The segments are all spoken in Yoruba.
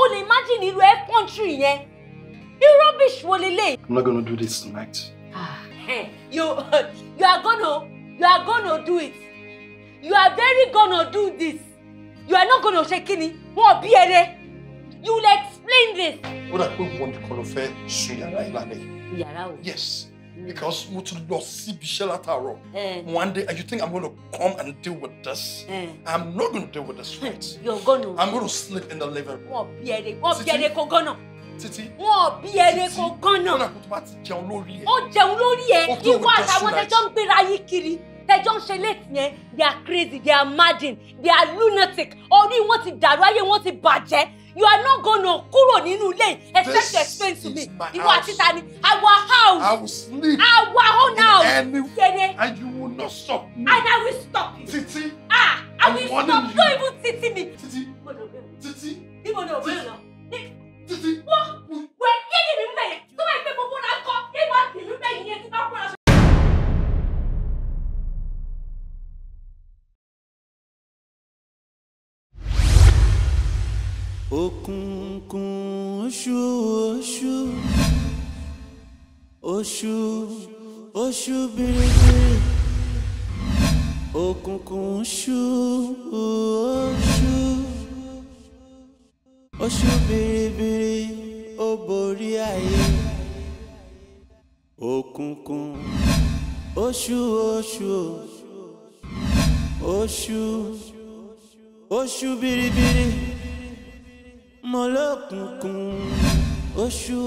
o lè imagine irú ẹ country yẹn irú rubbish wo lélẹ̀. I'm not gonna do this tonight. Ah, eh, you you are gonna you are gonna do it you are very gonna do this you are not gonna ṣe kíni wọn bí ẹrẹ you will explain this. ó dà pé wọn nìkan ló fẹ́ sùn yàrá ìlànà yìí. yàrá o. yes because mo tún lọ at our látàárọ̀ eh. one day and you think i'm going to come and deal with this mm. i'm not going to deal with this right eh, you're to. i'm gonna sleep in the living room. wọ́n bí ẹrẹ wọ́n bí ẹrẹ kó gánà. títí wọn ò bí ẹrẹ kó gánà. títí wọn ó jẹun lórí ẹ ìwọ àtàwọn ẹjọ ń gbéra yín kiri. They just ṣe léètì yẹn they are crazy they are maddened they are lunatic orí wọn ti dàrú ayé wọn ti bàjẹ́ you are not gonna kúrò nínú ilé except to explain to me ìwọ àti tani our house I will sleep our own house kere and you will not stop me and I will stop you titi ah I will stop you don't even titi me titi titi titi titi wọ́n wẹ̀ yé ni mi mẹ́yẹ tó bá yẹ pé gbogbo náà kọ́ yé wọ́n ti mi mẹ́yẹ yẹn tó bá kúrò aṣọ. òkùnkùn oṣù oṣù oṣù oṣù biribiri òkùnkùn oṣù oṣù oṣù biribiri ó borí ayé òkùnkùn oṣù oṣù oṣù oṣù biribiri mọlọ́kùnkùn oṣù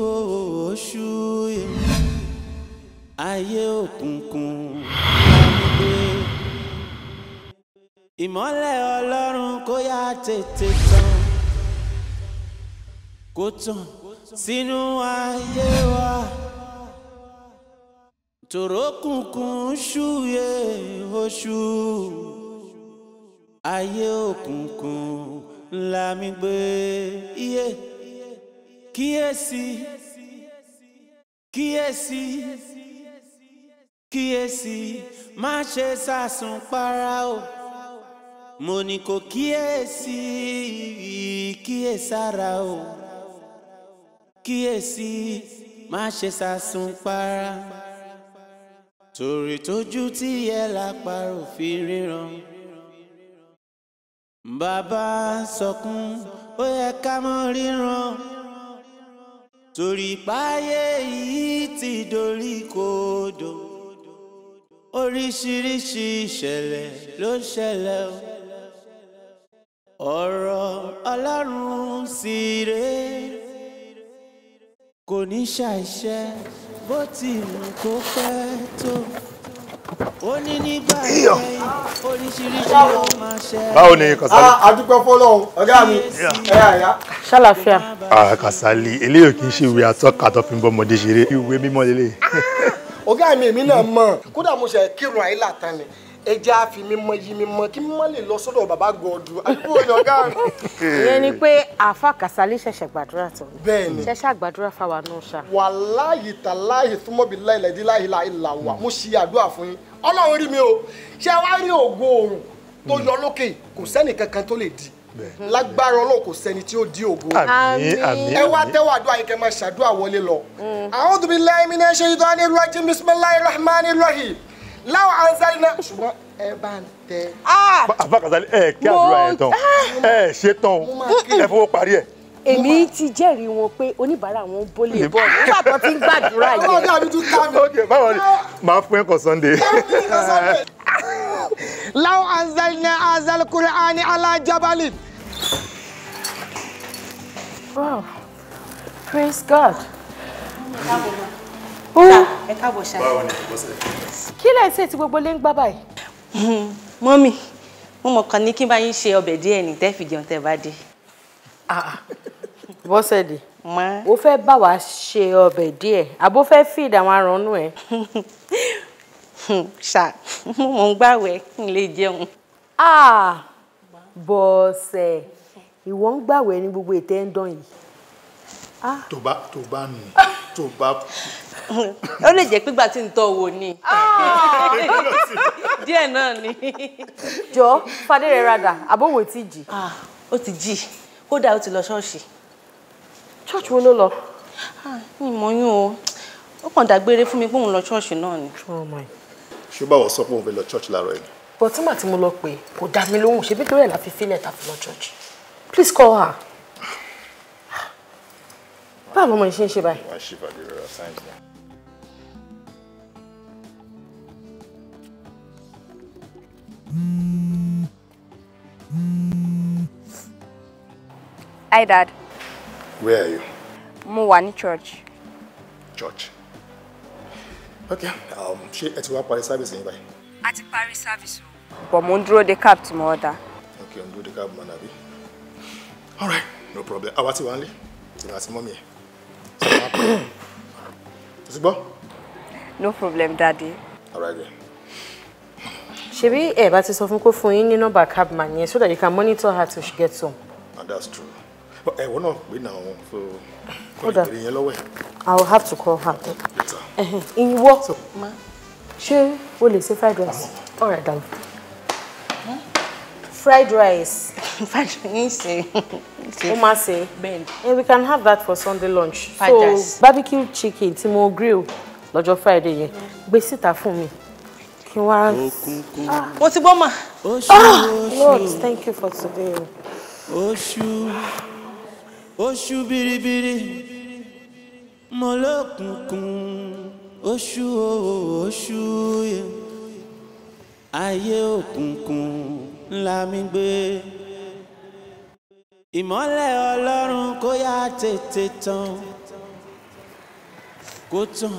oṣù ayé òkùnkùn ìmọ́lẹ̀ ọlọ́run kó yá tètè tán kó tàn sínú ayé wa tòrókùnkùn ṣúyè oṣù ayé òkùnkùn là mí gbé iye kíyèsí kíyèsí kíyèsí má ṣe sàsùn para o mo ní kò kíyèsí kíyèsára o kíyèsí má ṣe sàsùn para torí tójú tí yẹ lápá òfin ríran bàbá sọkún ó yẹ ká mọ ríran torí páyé yìí ti dorí kodò oríṣiríṣi ìṣẹ̀lẹ̀ ló ń ṣẹlẹ̀ o ọ̀rọ̀ Ọlọ́run sì rè kò ní ṣàìṣe bó ti mú kó pẹ́ tó báwo ni Kasali. àdúpẹ́ fọlọ́hún ọ̀gá mi ẹ àyà. ṣàlàfíà. Ah, Kasali eléyìí kì í ṣe ìwé atọ́ka tó fi ń bọ́ ọmọdé ṣeré ìwé mímọ́ lélẹ̀. Ah, ọ̀gá mi èmi náà mọ̀ kódà mo ṣe kírun àyílà tán ni ẹ jẹ́ á fi mímọ́ yí mímọ́ kí mímọ́ lè lọ sọ́dọ̀ bàbá gọ̀ọ́dù àdúgbò ní ọ̀gá rẹ̀. ìyẹn ni pé àáfà kàsálí ṣẹ̀ṣẹ̀ gbàdúrà tó ni bẹ́ẹ̀ni ṣẹ̀ṣẹ̀ àgbàdúrà fáwa náà ṣá. wàláyì tàláyì túmọ̀bí láìlẹ̀dí láìláìlà wà mo ṣe àdúrà fún yín ọlọ́run rí mi o ṣé wàá rí ògo oòrùn tó yọ lókè kò sẹ́nì kankan tó lè di lágbára ọlọ́run kò sẹ́ni tí ó di ògo ẹ wá tẹ́wọ́ àdúrà yìí kẹ́ máa ṣàdúrà wọlé lọ. Mm. a'udhu billahi minash shaytanir rajim bismillahir rahmanir rahim láwọn anzali náà ṣùgbọ́n ẹ bá ń tẹ. Ah! àbá Kasali ẹ kí àdúrà ẹ tán ẹ ṣe tán o ẹ fowó parí ẹ. èmi ti jẹ́rìí wọn pé oníbàárà wọn bólè bọ̀ nígbà tó ti ń gbàdúrà yẹn. ọlọ́dẹ àdújú ká mi. ok báwo ni màá fún ẹ kọ Sunday. láwọn anzali náà anzali kúrẹ́ àní alájábálì. Wow, praise God. Mm -hmm ẹ káàbọ̀ ṣá. báwo ni kò sẹ́. kí lẹ́yìn sí ètí gbogbo lé ń gbá báyìí. Hmm, mọ́mì mo mọ̀ kàn ní kí n bá yín ṣe ọbẹ̀ díẹ̀ ní tẹ́ fi jẹun tẹ́ bá dé. Ah, bọ́sẹ̀dì o fẹ́ bá wa ṣe ọbẹ̀ díẹ̀ àbó fẹ́ fìdí àwọn arànú ẹ̀. ṣá mo ń gbàwẹ̀ kí n lè jẹun. Ah, bọ́sẹ̀ ìwọ ń gbàwẹ̀ ní gbogbo ètè ń dán yìí. Ah. tó bá tó bá nù tó bá ó lè jẹ́ pígbà tí ń tọ́ wò ni ah. díẹ̀ náà ni. jọ fadére rada àbówò ti jì. Ah, ó ti jì kódà ó ti lọ ṣọ́ọ̀ṣì. ṣọ́ọ̀ṣì wo ló lọ. Ah, mi mọ̀ yún o ó kàn dágbére fún mi pé òun lọ ṣọ́ọ̀ṣì náà ni. Oh ṣé báwo sọ pé òun fẹ́ lọ ṣọ́ọ̀ṣì láàárọ̀ yìí. bọ̀ tí màá tí mo lọ pé kò dá mi lóhùn ṣebí torí ẹ̀ la fi fílẹ̀ ta fi lọ ṣọ́ọ̀ṣì please call her báwo lọmọ yìí ṣe ń ṣe báyìí. wàá ṣì bàdé rẹ sáyẹnsì náà. Hi, Dad. Where are you? Mo wà ní church. Church? Okay, um, ṣé ẹ ti wá parí service yín báyìí? A ti parí service o. But mo ń dúró de cab tí mo order. Okay, mo ń dúró de cab mọ̀ nàbí. All right, no problem. Àwa ti wá ń lé. Ìwà àti mọ́mí ẹ̀. Is ṣùgbọ́n. no problem daddy. alright then. ṣebí ẹ bá ti sọ fún kó fún yín ní nọ́mbà cabman yẹn so that you can monitor her till she gets home. and ah, that's true ẹ eh, wọ́n náà pè náà wọn so kò lè bèrè yẹn lọ́wọ́ ẹ̀. i will have to call her. ìwọ ṣé She, lè ṣe fried rice. all darling fried rice. fried rice. o ma se. Yeah, we can have that for Sunday lunch. Fajas. so barbecue chicken tí mo grill lọ́jọ́ Friday yẹn gbé síta fún mi kí wá. Ah! mo ti gbọ́ mà. Ah! Lord thank you for today. oṣù oṣù biribiri mo lókùnkùn oṣù oṣù ayé òkùnkùn ńlá mi gbé ìmọ́lẹ̀ ọlọ́run kó yá tètè tán kó tàn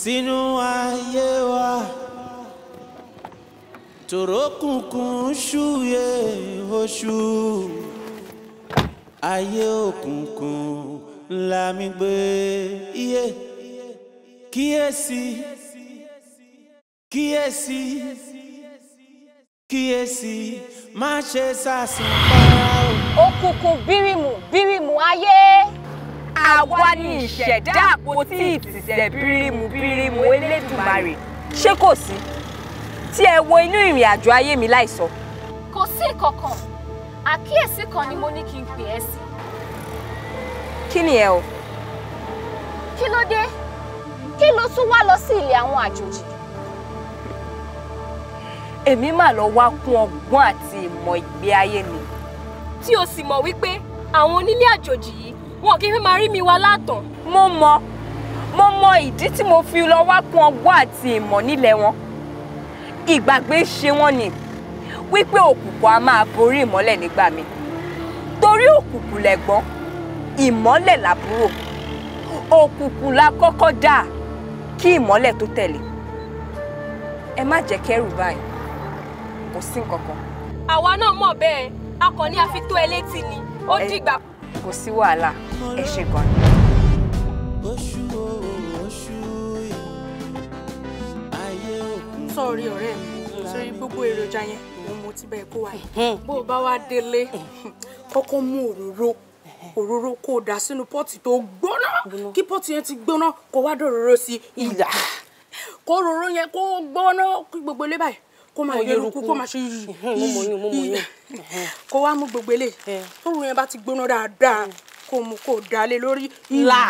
sínú ayé wa tòrókùnkùn ṣúyè oṣù ayé òkùnkùn ńlá mi gbé iye kíyèsí kíyèsí. kíyèsí kíyèsí má ṣe sàsùn para o. òkùnkùn bírímù bírímù ayé. àwa ni ìṣẹ̀dá àpótí ìtìsẹ̀ bírímù bírímù elédùmarè ṣé kò sí tí ẹ wo inú ìrìn àjò ayé mi láìsọ. kò sí kankan àkíyèsí kan ni mo ní kí n pè ẹ́ sí. kí ni ẹ o. kí ló dé kí ló tún wá lọ sí ilé àwọn àjòjì èmi mà lọ wá kún ọgbọ́n àti ìmọ̀ ìgbé ayé ni. tí o sì mọ̀ wípé àwọn onílé àjòjì yìí wọn kì í fẹ́ máa rí mi wá látàn. mo mọ mo mọ ìdí tí mo fi lọ wá kún ọgbọ́n àti ìmọ̀ nílẹ̀ wọn ìgbàgbé ṣe wọ́n ni wípé òkùnkùn a máa borí ìmọ́lẹ̀ nígbà mi torí òkùnkùn lẹ̀gbọ́n ìmọ́lẹ̀ làbúrò òkùnkùn la kọ́kọ́ dà kí ìmọ́lẹ̀ tó tẹ̀lé ẹ má jẹ́ kẹ́rù báyìí sí nǹkankan. àwa náà mọ̀ bẹ́ẹ̀ akọni àfi tó ẹ létí ni ó dìgbà. kò sí wàhálà ẹ ṣe gan sọ̀rí ọ̀rẹ́ mi sórí gbogbo èròjà yẹn ni mo ti bẹ́ẹ̀ kó wa yìí bó o bá wá délé kọ́kọ́ mú òróró òróró kó o dà sínú pọ́ọ̀tì tó gbóná kí pọ́ọ̀tì yẹn ti gbóná kó wá dòróró sí ìlà kó òróró yẹn kó gbóná kí gbogbo ilé báyìí kó máa yẹrùkú kó máa ṣe yìí kó wá mú gbogbo ilé tóru yẹn bá ti gbóná dáadáa kó mu Ko dale lori. ìlà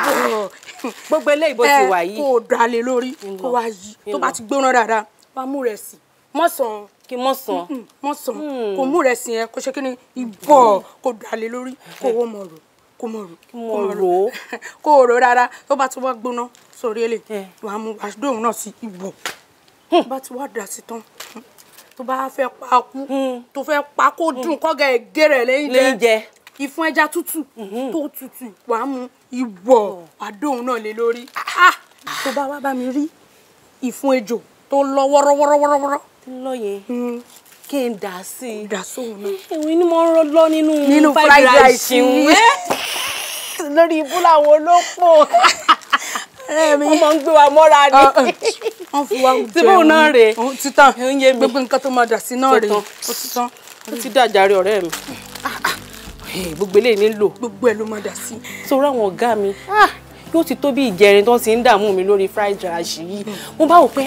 gbogbo ilé ìbò ti wà yìí kó dalé lórí Ko wá yìí tó bá ti gbóná dáadáa wá mú rẹ̀ sí mọ́sàn-án kí mọ́sàn-án mọ́sàn-án hmm. kó mú rẹ̀ sí yẹn kó ṣe kí ni ìbọ̀ hmm. kó dalé lórí kó wọ́n mọ̀ rò kó mọ̀ rò kó mọ̀ rò kó rò rárá tó bá ti wá gbóná sórí ilé wàá mú àdóhùn náà sí ìbọ̀ hmm. bá ti wá dà sí tán tó bá fẹ́ pa hmm. tó fẹ́ pa hmm. dùn kọ́gà ègé lẹ́yìn jẹ ìfun ẹja tútù hmm. tó tútù wà ìwọ̀ àdóhùn náà lé lórí ah. Ah! tó bá wá bá mi rí ìfun ejò tó lọ wọ́rọ́wọ́rọ́wọ́rọ́ lọ́yẹ̀ kí n dà sí i dà sóhun náà èmi ni mo ń lọ nínú fried rice lórí ibú làwọn olóko. ọmọ ń gbé wa mọ́ra ni. Ah, ah. wọ́n fi wá jẹun síbò náà rè é títàn oúnjẹ mi gbogbo nǹkan tó máa dà sí náà rè é ó ti tán. ó ti dàjàre ọ̀rẹ́ mi ah, gbogbo eléyìí nílò. gbogbo ẹ ló máa dà sí. sọ̀rọ̀ àwọn ọ̀gá mi yóò ti tó bí ìjẹrin tó ti ń dààmú mi lórí fried rice yìí mo bá wò pé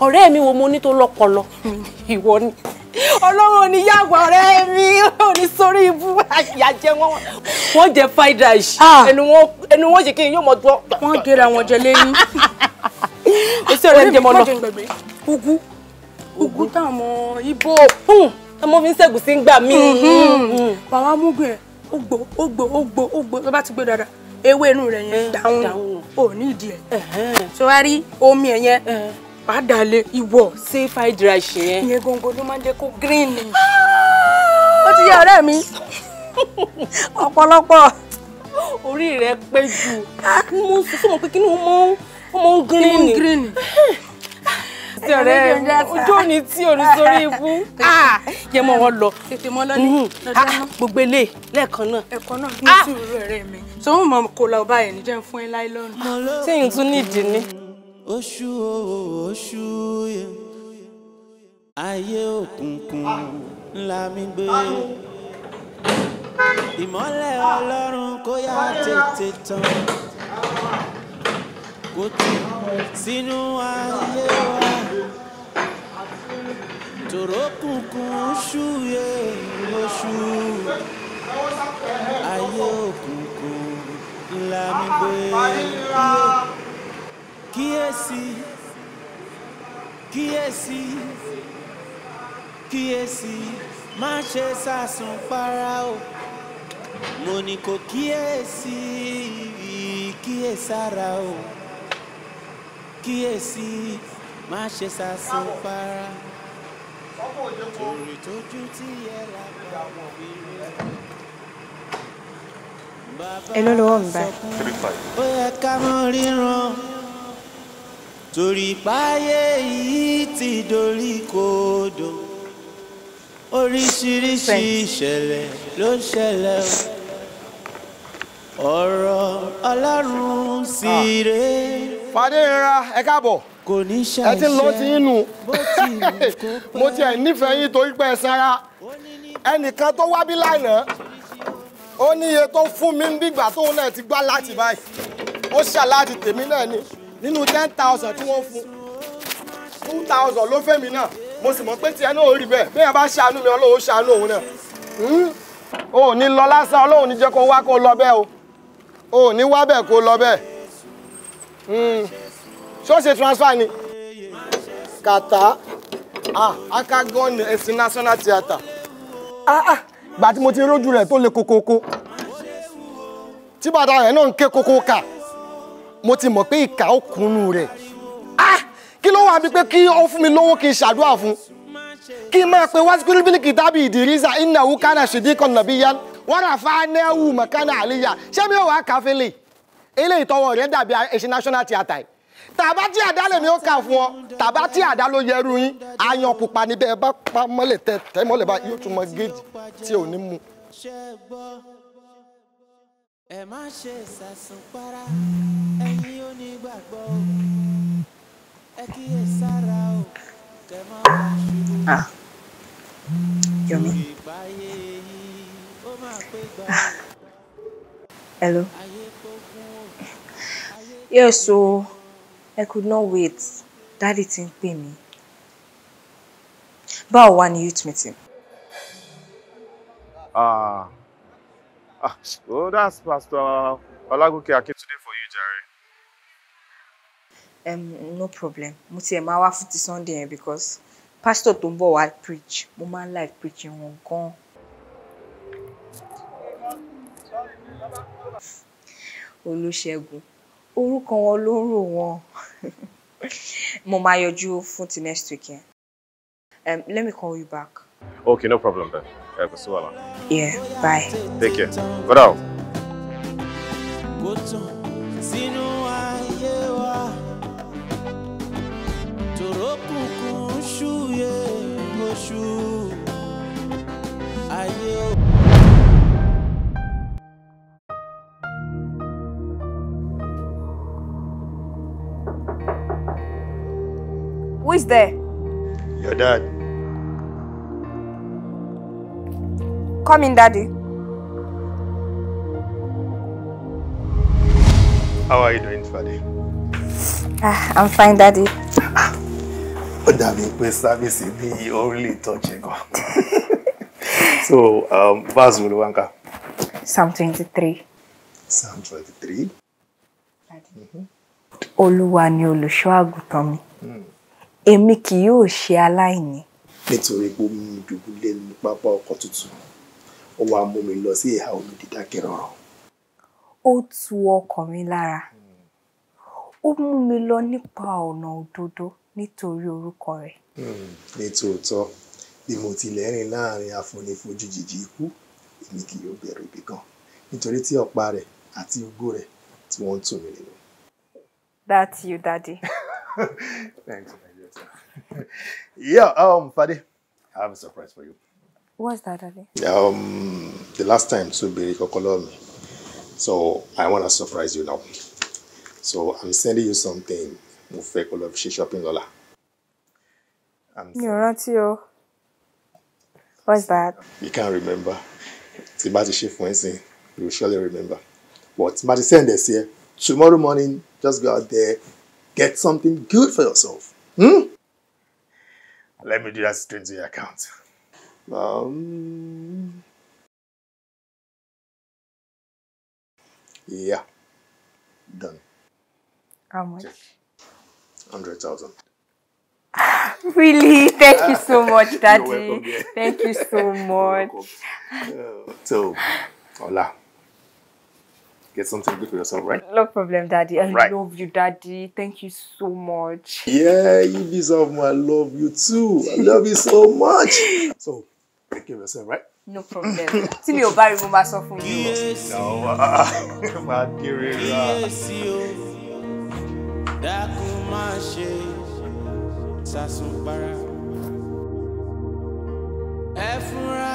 ọ̀rẹ́ mi wo mo ní tó lọ́pọlọ hmm. ìwọ ni ọlọ́run oníyàwó ọ̀rẹ́ mi òní sórí ibú àyàjẹ wọn wọ́n jẹ fried rice ah. ẹnu wọn ṣe kí n yóò mọ gbọ́. wọ́n gera wọn jẹ lẹ́yìn. èsì ọ̀rẹ́ mi jẹ mọ́ lọ. ugu ugu táwọn ibo ọmọ hmm. mi ń ṣẹ́gun sí ń gbà mí. bàbá mugun ẹ̀ ó gbó ó gbó ó gbó ó gbó tó ti gbó dáadáa ewé inú rẹ̀ yẹn eh, dáhùn ò ní ìdí ẹ̀ tó wá rí omi ẹ̀ yẹn eh padà lé ìwọ ṣé fried rice yẹn. ìyẹn gangan ló máa ń jẹ kó green ni. Ah! ó ti yẹ ọ̀rẹ́ mi ọ̀pọ̀lọpọ̀. orí rẹ pé jù ah! mo sọ fún mi pé kí ni o mọ o mọ green ni. green ni. ti ah! ọ̀rẹ́ mi ojú òní tí òní sórí ibú yẹ mọ wọn lọ. tètè mọ lọ́lẹ̀ lọ́dọ̀ gbogbo ilé lẹ́ẹ̀kan náà. ẹ̀kọ́ náà ní sùúrù ọ̀rẹ́ mi. sọ wọn mọ kó lọ báyìí níjẹ́ fún ẹ láìlọ́nù. sẹ́yìn tún nídìí ni oṣù oṣù ayé òkùnkùn ńlá mi gbé ìmọ́lẹ̀ ọlọ́run kó yá tètè tán kó tù sínú ayé wa tòrókùnkùn oṣù yẹ oṣù ayé òkùnkùn ńlá mi gbé kíyèsí kíyèsí kíyèsí má ṣe sàsùn para o mo ní kò kíyèsí kíyèsára o kíyèsí má ṣe sàsùn para torí tójú tí yẹ lábẹ́ òfin rẹ̀. Hello, lo hombre. Ó yẹ ká mọ ríran torí páyé yìí ti dorí kodò oríṣiríṣi ìṣẹ̀lẹ̀ ló ń ṣẹlẹ̀ ọ̀rọ̀ ọlọ́run sì ah. rè fàdéhìnra ẹ káàbọ̀ kò ní ṣàìṣe ẹ ti lọ sí inú mo tiẹ̀ nífẹ̀ẹ́ yín torí pé ẹ sára ẹnìkan tó wá bí lánàá ó níye tó fún mi ń bígbà tóun náà ti gbá láti báyìí ó ṣàláàdì tèmi náà ni nínú ten thousand tí wọ́n fún two thousand ló fẹ́ mi náà mo sì mọ̀ pé tiẹ̀ náà ò rí bẹ́ẹ̀ bẹ́ẹ̀ bá ṣàánú mi ọlọ́run ṣàánú òun náà hmm? o ò ní lọ lásán ọlọ́run ní jẹ́ kó wá kó lọ bẹ́ẹ̀ o o ò ní wá bẹ́ẹ̀ kó lọ bẹ́ẹ̀ hmm. ṣé ṣe transfer ni kàtá ah akagan ẹ̀sìn national theatre ah ah gbà tí mo ti rójú rẹ̀ tó le kokoko tí bàtà rẹ̀ náà ń ké kokoko mo ti mọ̀ pé ìkà ó rẹ̀ ah kí ló wà bíi pé kí ó fún mi lówó kí n ṣàdúrà fún kí n máa pe wá síkúrú bíi kìtàbí ìdírísà ìnáwó kánà ṣèdí kan nàbí yá wọn rà fá nẹ́wù mọ̀kánà àlíyá ṣé mi ò wá kàfé lè eléyìí tọwọ́ rẹ̀ dàbí èsì national theatre tàbá tí àdá lèmi ó kà fún ọ tàbá tí àdá ló yẹru yín ayan pupa níbẹ̀ ẹ bá pa mọ́lẹ̀ tẹ mọ́lẹ̀ bá yóò tún mọ géèjì ẹ má ṣe ṣàṣùpara ẹ̀yin onígbàgbọ́ o ẹ kíyè sára o kẹ má bá ṣubú lórí ah. ah. Hello. Yes, so I could not wait. Daddy ti ń pè mí. Báwo wá ní youth meeting? Ah. Uh. Ah, oh, that's Pastor Olagoke Akintunde for you, Jerry. Um, no problem. Mo ti ẹ̀ máa wá Sunday because pastor Tombo ń preach. Mo máa like preaching on gan. Olúṣẹ́gun, orúkọ wọn ló ń rò wọ́n. Mo máa yọjú fún ti next weekend. Um, let me call you back. Okay, no problem then. É, com sua lá. Yeah, bye. Take care. Bravo. Who is there? Your dad. Come in, Daddy. How are you doing, Fadi? Ah, I'm fine, Daddy. Ó dàbí pé sáfíìsì bí orílẹ̀ ìtọ́jẹ́ gan. So, um, verse wo ló wá ń Psalm 23. Psalm 23. Olúwa ni olùṣọ́ àgùntàn mi. Hmm. Èmi kì yóò ṣe aláìní. Nítorí pé omi ìdùbúlẹ̀ ní pápá ọkọ̀ tuntun ó wá mú mi lọ sí ìhà omi dídákẹ́ rọrùn. ó tu ọkàn mi lára ó mú mi lọ nípa ọ̀nà òdodo nítorí orúkọ rẹ̀. Hmm, ní tòótọ́ bí mo tilẹ̀ rìn láàrin àfonífojú jìjì ikú èmi kì yóò bẹ̀rù ibì kan nítorí tí ọ̀pá rẹ̀ àti ògo rẹ̀ tí wọ́n ń tù mí nínú. That's you, Daddy. Thanks, my dear. yeah, um, Fadi, I have a surprise for you. What's that, Ali? Um, the last time Tsubiri called me. So I want to surprise you now. So I'm sending you something. Mo fẹ́ kó shopping lọ́la. Mi ò rántí What's that? You can't remember. Tí bá It's ṣe fún fun you will surely remember. But tí bá ti send this here tomorrow morning just go out there, get something good for yourself. Hmm? Let me do that straight to your account. Um, yeah, done. How much? Hundred thousand. really? Thank you so much, Daddy. Welcome, yeah. Thank you so much. Uh, so, hola. Get something good for yourself, right? No problem, Daddy. I right. love you, Daddy. Thank you so much. Yeah, you deserve my love. You too. I love you so much. So, take care of yourself, right? No problem. See me, your bá rí mo máa sọ fún yín. Máa kéré ra. Dákun máa ṣe sàṣùnpara. Ẹ fúnra.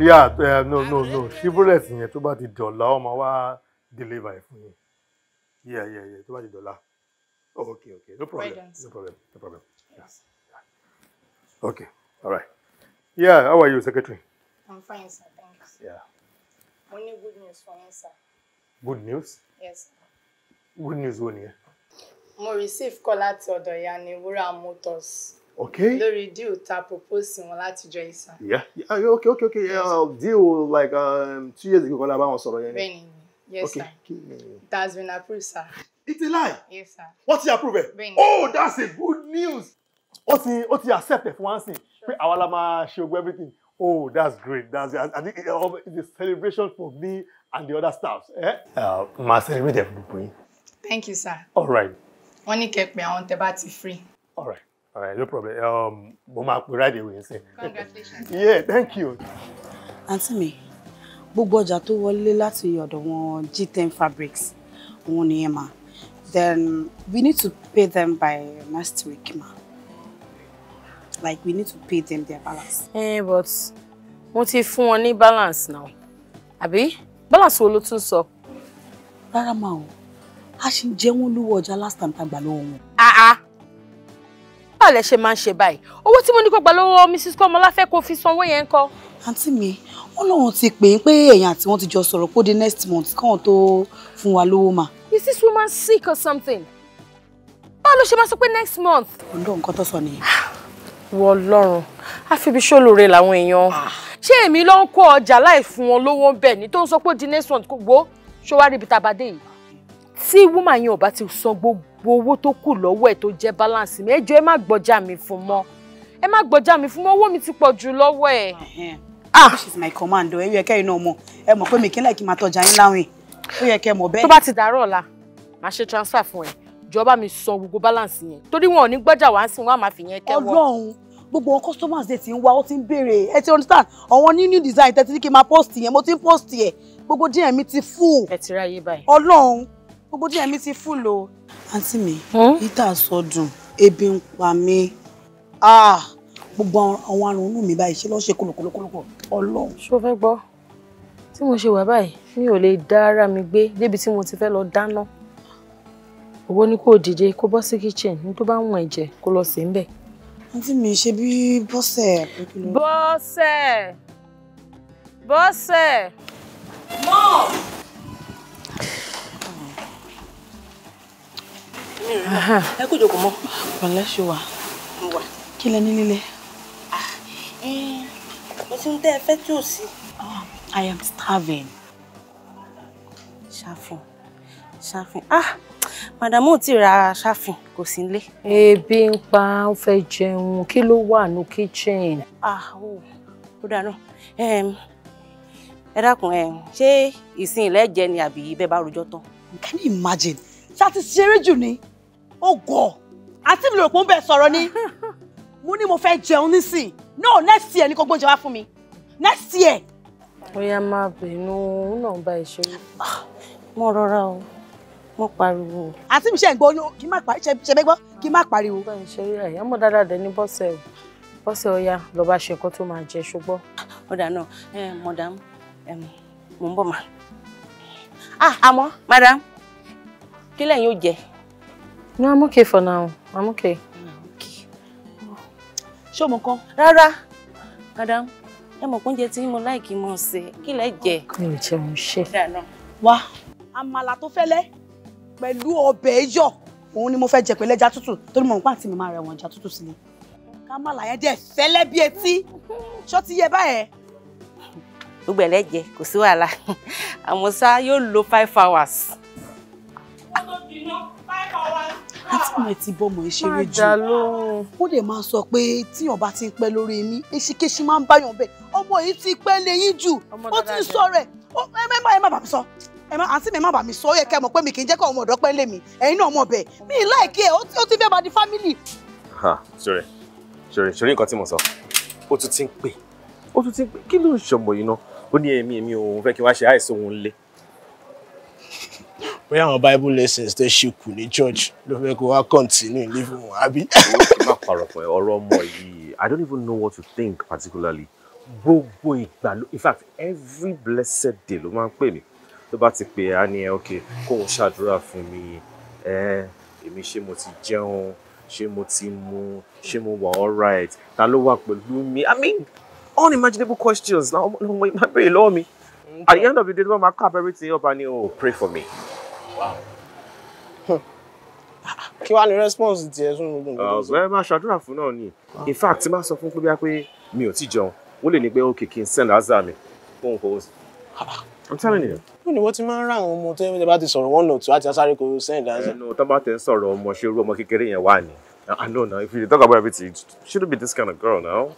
yeah uh, no no no chivalrous yẹn tó bá ti dọ̀là ó máa wá deliver ẹ̀ fún yín yeah yeah yeah tó bá ti dọ̀là oh, okay okay no problem no problem no problem yes. Yeah. okay all right yeah how are you secretary. i'm fine sir thanks. yeah. mo ní good news for you, sir. good news. yes. Sir. good news wo nìyẹn. mo receive call láti ọ̀dọ̀ ìyá ni motors. Okay. Lórí deal ta propose wọn látijọ́ ìsà. Yeah, yeah, okay, okay, okay. Yes. Uh, deal like um, two years ago kọ́lá bá wọn sọ̀rọ̀ yẹn ni. Bẹ́ẹ̀ni, yes sir. It has been approved, sir. It's a lie. Yes sir. Wọ́n ti approve ẹ̀. Bẹ́ẹ̀ni. Oh, that's a good news. Ó ti ó ti accept ẹ̀ fún one thing pé àwa la máa ṣe ogun everything. Oh, that's great. That's great. I think it's a celebration for me and the other staffs. Eh? Uh, máa celebrate ẹ̀ fún Thank you, sir. All right. Wọ́n ní kẹ́ pé àwọn tẹ bá ti free. All right all right no problem um, Mama, we pè right away congratulations. yeah thank you. àǹtí me. gbogbo ọjà tó wọlé láti ọ̀dọ̀ wọn G10 fabrics wọn ni ẹ ma then we need to pay them by next week ma like we need to pay them their balance. ẹ eh, but mo ti fún wọn ní balance now Abi, balance wo ló tún sọ. rárá màá o a ṣì ń jẹ́ wọ́n last time tá a gbà lọ́wọ́ ah ah báwo lẹ ṣe máa ń ṣe báyìí owó tí mo ní kó gbà lọ́wọ́ mrs kọ́mọláfẹ́ kó fi sanwó yẹn ń àǹtí mi wọn lóun ti pè é pé èèyàn àti wọn ti jọ sọ̀rọ̀ kó dé next month káwọn tó fún wa lówó mà. is this woman sick or something? báwo ló ṣe máa sọ pé next month. ọ̀dọ́ nǹkan tó sọ nìyẹn. wọ lọ́rùn àfibi ṣòlòrè làwọn èèyàn ah. ṣé èmi ló ń kó ọjà láì fún wọn lówó bẹ́ẹ̀ ni tó ń sọ pé di next month kò gbó ṣó wá ríbi tàbádé yìí tí woman yẹn ò bá ti san gbogbo owó tó kù lọ́wọ́ ẹ̀ tó jẹ́ balance mi ẹ jọ̀ọ́ ẹ má gbọ́jà mi fún mọ́ ẹ má gbọ́jà mi fún mọ́ owó mi ti pọ̀ jù lọ́wọ́ ẹ̀. ah is my command o ẹ yẹ kẹ́ iná ọmọ ẹ mọ̀ pé mi kí n láìkí máa tọjà yín láwìn ó yẹ kẹ́ mọ̀ bẹ́ẹ̀. tó bá ti dàárọ̀ ọ̀la màá ṣe transfer fún ẹ jọba mi san gbogbo balance yẹn torí wọn ò ní gbọ́jà wá sí wọn àmà fi yẹn kẹ́wọ́. ọlọ́run gbogbo wọn customers dẹ̀ ti ń wá ó ti ń béèrè ẹ ti understand àwọn new new design tẹ́tí ní kí n máa post yẹn mo ti ń post yẹn gbogbo díẹ̀ mi ti full. ẹ ti ráyè báyìí. ọlọ́run gbogbo díẹ̀ mi ti fún lo. àǹtí mi yíta hmm? sọdùn ebi ń pa mí ah, gbogbo àwọn àrùn mi báyìí ṣe lọ́ọ́ ṣe kólókólókólókó ọlọ́run. ṣó fẹ́ gbọ́ tí mo ṣe wà báyìí mi ò lè dá ara mi gbé débi tí mo ti fẹ́ lọ dáná owó ni kò dìde kó bọ́ sí kitchen ní tó bá ń wọ̀n ẹ̀jẹ̀ kó lọ sí níbẹ̀. àǹtí mi ṣe bí bọ́sẹ̀. bọ́sẹ̀ bọ́sẹ̀. mọ́ọ̀. ẹ kó jókòó mọ́. pẹ̀lẹ́ ṣe wà. wà. kí lẹ ní lílé. Ah, mo ti ń tẹ́ ẹ fẹ́ tí ò sí. Oh, I am starving. ṣàfihàn ṣàfihàn ah màdàmú ò tí ra ṣàfihàn kò sí nílé. ebi ń pa ń fẹ́ jẹun kí ló wà ní kitchen. ah ó ó dáná ẹ dákun ẹ ṣé ìsìn ilẹ̀ jẹ ni àbí bẹ́ẹ̀ bá rojọ́ tán. can you imagine ṣáà ti ṣeré jù ni ó gọ̀ àti mi lò pé ó ń bẹ̀ sọ̀rọ̀ ni mo ní mo fẹ́ jẹun nísìn no next year ni kò gbóúnjẹ wá fún mi next year. bóyá máa bínú náà bá ìṣeré ah, mo rọra o mo pariwo. àti mi ṣe ń gbọ́ kí n má pariwo ṣe bẹ́gbọ́ kí n má pariwo. bá ìṣeré àyà mọ̀ dáadáa dẹ̀ ní bọ́sẹ̀ o bọ́sẹ̀ ọ̀ya lọ́ba ṣe nǹkan tó máa jẹ ṣùgbọ́n. ọ̀dà náà mọ̀dàm mò ń bọ̀ mà. ah àmọ́ madam kí lẹ́yìn ó jẹ́ No, I'm okay for now. I'm okay. okay. Show mọ̀ kan? Rárá. Madam, I'm mọ̀ pé oúnjẹ tí mo láìkí mọ̀ ṣe. Kí lẹ jẹ? Mi ò jẹun ṣe. Wá. Àmàlà tó fẹ́lẹ́ pẹ̀lú ọbẹ̀ yọ̀. Òun ni mo fẹ́ jẹ pẹ̀lú ẹja tútù torí mo mọ̀ pé àǹtí mi máa rẹ̀wọ̀n ẹja tútù sílé. Kámàlà yẹn dẹ̀ fẹ́lẹ́ bí etí. Ṣó ti yẹ báyẹn? Gbogbo ẹ̀ lẹ́jẹ̀ kò sí wàhálà. Àmọ́sá yóò lo five hours. I'm tó dì náà five hours àti mọ̀ ti bọ́mọ̀ ẹ ṣeré jù ó dẹ̀ máa sọ pé tíyàn bá ti ń pẹ́ lórí mi eṣikeṣi máa ń báyàn bẹ́ẹ̀ ọmọ yìí ti pẹ́ lẹ́yìn jù ó ti sọ rẹ̀ ẹ má bà mí sọ àǹtí mi má bà mí sọ ó yẹ kí ẹ mọ̀ pé mi kì í jẹ́ kí ọmọ ọ̀dọ́ pẹ́ lé mi ẹ̀yin náà mọ̀ bẹ́ẹ̀ mi ì láìkí ẹ̀ ó ti fẹ́ bá di fámìlì. ṣòrè ṣòrè ṣòrè nǹkan tí mo sọ ó tún ti ń pè ó tún ti ń pè kí ló ń ṣọmọ yìí náà ó ní èmi èmi òun fẹ́ kí wá ṣe àìsàn òun lé bóyá àwọn bible lessons tẹ ṣe ní church ló fẹ́ kó wá continue living wọn àbí. kí má parọ́pọ̀ ọ̀rọ̀ ọmọ yìí i don't even know what to think particularly gbogbo ìgbà in fact every blessed day ló máa ń pè mí tó bá ti pè á ní ẹ ok kó o ṣàdúrà fún mi ẹ èmi ṣé mo ti jẹun ṣé mo ti mu ṣé mo wà alright ta ló wà pẹ̀lú mi i mean unimaginable questions na ọmọ ọmọ ìbá béèrè lọ́wọ́ mi at the end of the day wọ́n máa kábẹ́rẹ́ tí ọba ni o pray for me. Hmm. kí wàá ní response tiẹ̀ sún gbogbo nǹkan. Ah, máa ṣàdúrà fún náà ni in fact máa sọ fún pé pé mi ò tí jẹun ó lè ní pé okay kí n send azar mi fún nǹkan oṣù. i'm telling you. ó ní wọ́n ti máa ń rà àwọn ọmọ tó yẹ bá ti sọ̀rọ̀ one or two àti asáré kò send azar. ẹnu tó bá tẹ ń sọ̀rọ̀ ọmọ ṣe irú ọmọ kékeré yẹn wà ní. I know ah, now if you talk about everything you shouldn't be this kind of girl now.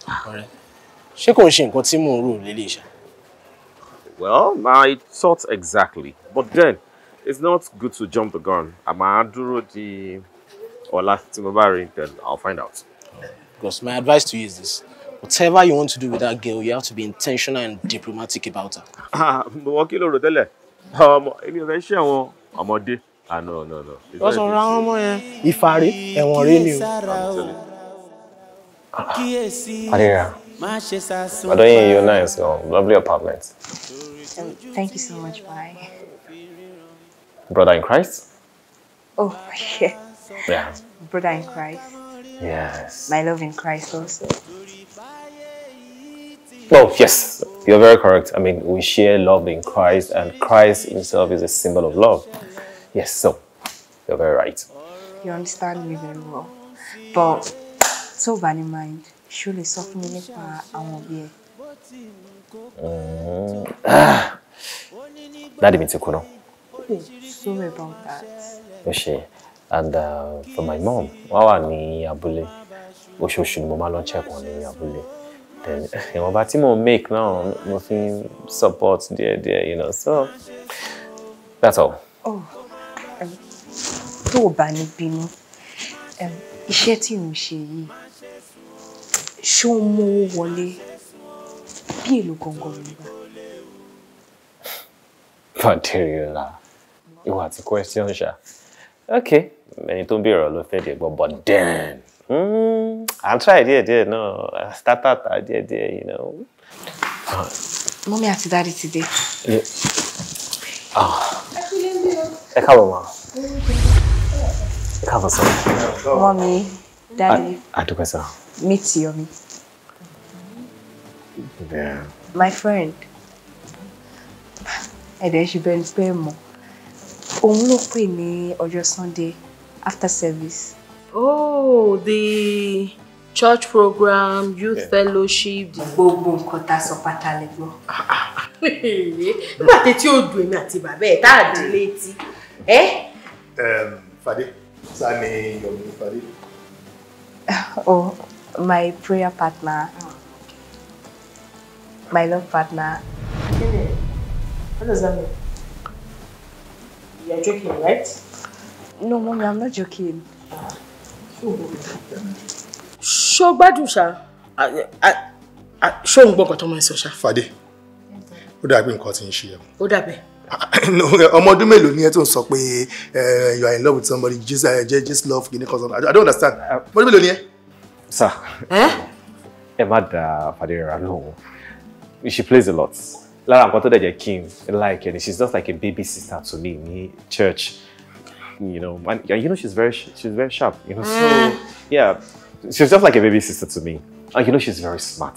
ṣé kò ń ṣe nǹkan tí mò ń rò lélẹ̀ well I thought exactly but then it's not good to jump the gun àmọ́ dúró the, ọ̀la tí mo bá rí then I'll find out. Because my advice to you is this. Whatever you want to do with that girl, you have to be intentional and diplomatic about her. Ah, mo wọ́n kí ló rò tẹ́lẹ̀. Ọmọ èmi ò fẹ́ ṣe Ah no no no. Wọ́n sọ ra ọmọ yẹn. Ìfàrí ẹ̀wọ̀n you. ni o. Adira, I don't hear you Nice, your lovely apartment? Um, thank you so much, bye. brother in Christ? Oh, yes. Yeah. Brother in Christ. Yes. My love in Christ also. Oh, yes. You're very correct. I mean, we share love in Christ, and Christ himself is a symbol of love. Yes, so you're very right. You understand me very well. But, so bad in mind, surely something in it I be. not Ah. That didn't take sorry about that. O and uh, for my mom wá wà ní abúlé oṣooṣù ni mo máa lọ check wọn ní abúlé then ìwọ̀nba tí mo make náà mo fi support díẹ̀ díẹ̀ you know so that's all. Oh, um, tó o bá ní bínú um, iṣẹ́ tí mo ṣe yìí ṣó ń mówó wọlé bí èlò gangan ló ń gbà. But dear, ìwà a question ṣá Okay, ẹni tó ń bèèrè ló fẹ́ but then à hmm, ń try díẹ̀ díẹ̀ náà Start out díẹ̀ díẹ̀ you know. Mommy, see Daddy today. mọ́mí àti dáàdi ti dé. Ah, ẹ káàbọ̀ mọ́ ẹ káàbọ̀ sọ. mọ́mí dáàdi. àdúgbò sọ. meet Yeah. my friend. ẹ̀dẹ̀ ṣe bẹ́ẹ̀ been pé more òun ló pè ní ọjọ́ Sunday after service. Oh, the church program, youth yeah. fellowship, the gbogbo nǹkan tá a sọ pátá lè gbọ́. Nígbà tí tí ó dùn èmi àti bàbá ẹ̀ tá a dín létí. Eh? Fadé, sá ni Yomi Fadé. Oh, my prayer partner, ah, my love partner. Kí ni? What does that mean? You're joking, right? No, mommy, I'm not joking. Ah, Show gbádùn ṣá? Ṣó ń gbọ́ nǹkan tó máa ń sọ ṣá? Fàdé, ó dàbí nǹkan tí ń ṣe ẹ̀wọ̀n. Ó dàbẹ̀. Ọmọ ọdún mélòó ni ẹ tó you are in love with somebody, just, uh, just love kìíní kan sọ́nà. I don't understand. What ọdún mélòó ni ẹ? Sir, Eh? má da Fàdé rẹ̀ rà She plays a lot. lára nǹkan tó dẹ̀ jẹ́ kí Kim like and she's just like a baby sister to me Me church you know and, and you know she's very she's very sharp you know so mm. yeah she's just like a baby sister to me and you know she's very smart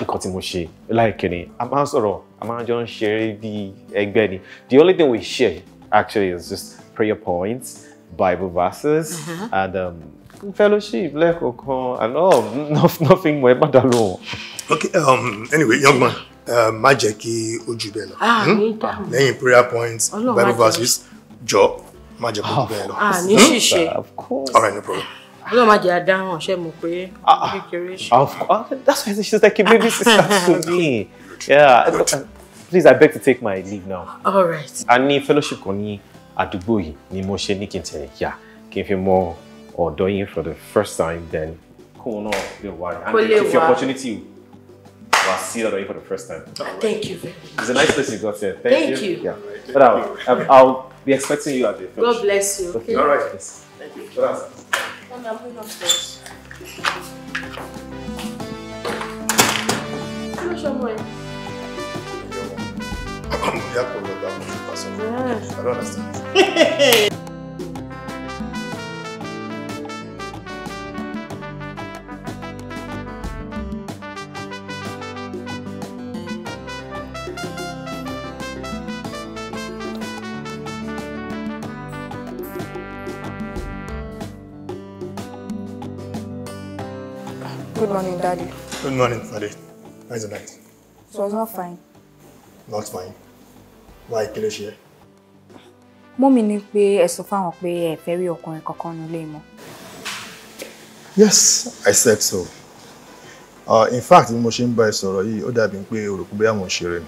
nǹkan tí mo like ni a máa ń sọ̀rọ̀ a the only thing we share actually is just prayer points bible verses uh-huh. and um, fellowship lẹ́kọ̀ọ̀kan and oh, all nothing more ẹ má okay um, anyway young man. má jẹ́ kí ó jù bẹ́ẹ̀ lọ ah, hmm? lẹ́yìn prayer points bible verses jọ má jẹ́ kó jù bẹ́ẹ̀ lọ. Ah, ah, ní ṣíṣe all right no problem. Ọlọ́run máa jẹ́ adáhùn ṣe mọ̀ pé kékeré ṣe. Of course, that's why she's like a baby sister to me. Yeah, please I beg to take my leave now. All right. A ní fellowship kan ní àdúgbò yìí ni mo ṣe ní kí n tẹ̀lé yá kí n fi mọ ọ̀dọ́ yín for the first time then kóun náà lè wá rẹ̀ and if your opportunity I'll see you for the first time. Right. Thank you. It's a nice place you got here. Thank, Thank you. you. Yeah. but I'll, I'll, be expecting you at the finish. God bless you. Okay. All right. Yes. Thank you. Bravo. Uh, I'm going upstairs. Yeah. I don't understand. morning, Daddy. Good morning, Daddy. How's the night? It was not fine. Not fine? Why, kill us here? ẹ́? Mọ́mì ní pé ẹ sọ fáwọn pé ẹ fẹ́ rí ọkùnrin kankan nílé Yes, I said so. Uh, in fact, bí mo ṣe ń bá ẹ sọ̀rọ̀ yìí, ó dàbí pé òrùkú bóyá mo ń ṣeré ni.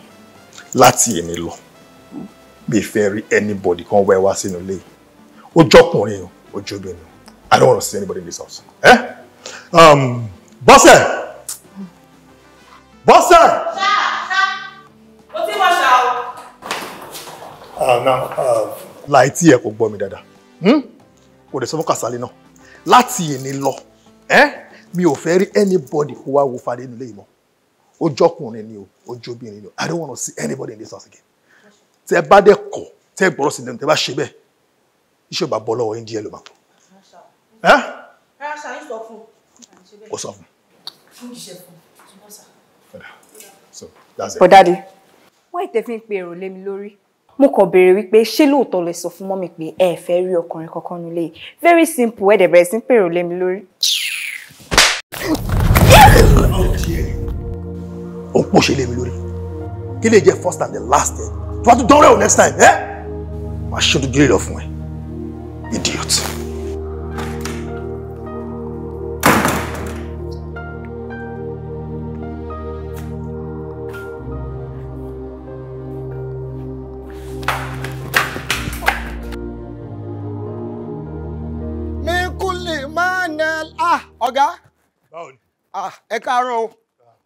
Láti èmi anybody kan wear ẹ wá sínú ilé. Ó jọkùnrin o, ó jóbìnrin I don't want to see anybody in this house. Eh? Um, bọ́sẹ̀ bọ́sẹ̀. ṣá ṣá mo ti wọ ṣá o. àná ah, ah, láì tí ẹ kò gbọ́ mi dáadáa hmm? kò dẹ̀ sọ fún Kàsálí náà láti èmi lọ mi ò fẹ́ rí anybody kó wá wo fadé nílé ìmọ̀ ojọkùnrin ni o ojóbìnrin ni o I don't wanna see anybody in this house again tẹ bá dẹ kọ tẹ gbọ́rọ̀ sí lẹ́nu tẹ bá ṣe bẹ́ẹ̀ iṣẹ́ ò bá bọ́ lọ́wọ́ yín díẹ̀ ló máa kú. ẹ. rárá sọ fún ó sọ fún But Daddy, why ìtẹ́ fi ń pe èrò lé mi lórí mo kàn béèrè wípé ṣé lóòótọ́ lè sọ fún mọ́mi pé ẹ fẹ́ rí ọkùnrin kankan nílé very simple where the bẹ̀rẹ̀ sí ń pe èrò lé mi lórí. ó ń pòṣe lé mi lórí kí lè jẹ́ first and the last ẹ̀ tí wọ́n tún dánwó rẹ̀ next time eh? I should ojú gírí lọ fún ẹ idiot. ẹ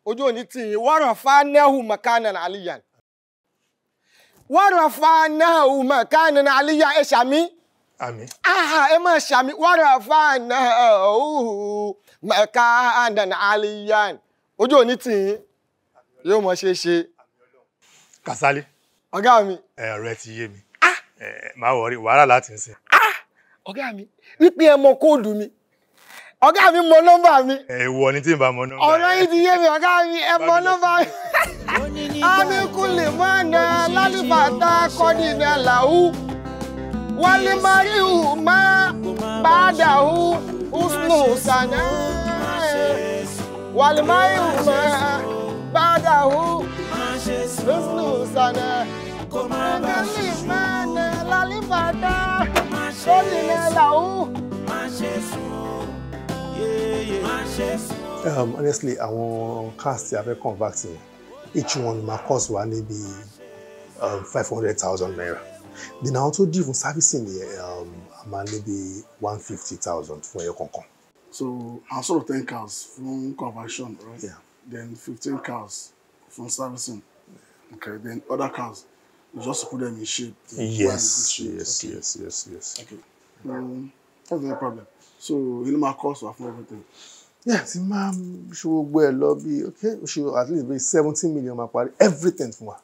ojú òní maka fa nẹ́hù mọ̀kánà àlìyàn wọ́n ràn fa nẹ́hù mọ̀kánà àlìyàn ẹ ṣàmì. Ami. Aha fa ojú òní tì yín yóò ṣe ṣe. Kàsálí. mi. Ẹ̀rọ ẹ ti yé mi. Ah! ma wọrí wàhálà láti ń sìn. Ah! Ọ̀gá mi mi. ọ̀gá mi mọ nọ́mbà mi. èèwọ̀ ni tí n bá mọ nọ́mbà. ọ̀rọ̀ yìí ti yé mi ọ̀gá mi ẹ mọ nọ́mbà mi. na mọ́nà lálùbàtà kọ́nìyàn làwù wálé mariu má bàdàwù usnu sànà wálé mariu má bàdàwù usnu sànà kọ́mọ́gàlì mọ́nà lálùbàtà kọ́nìyàn làwù. Um, honestly, àwọn cast a fẹ́ convert yẹn, each one ma cost wa níbi um, five hundred thousand naira. Then àwọn tó dì fún servicing yẹn um, a máa níbi one fifty thousand fún ẹyọ kọ̀ọ̀kan. So, sort of ten cars from conversion, right? Yeah. Then fifteen cars from servicing. Okay, then other cars, you just put them in shape. Yes, yes, okay. yes, yes, yes. Okay. Um, that's no problem so inú máa cost wà fún everything. yeah ti máa ṣe gbogbo ẹ lọ bí okay ṣe at least bíi seventeen million máa parí everything fún wa.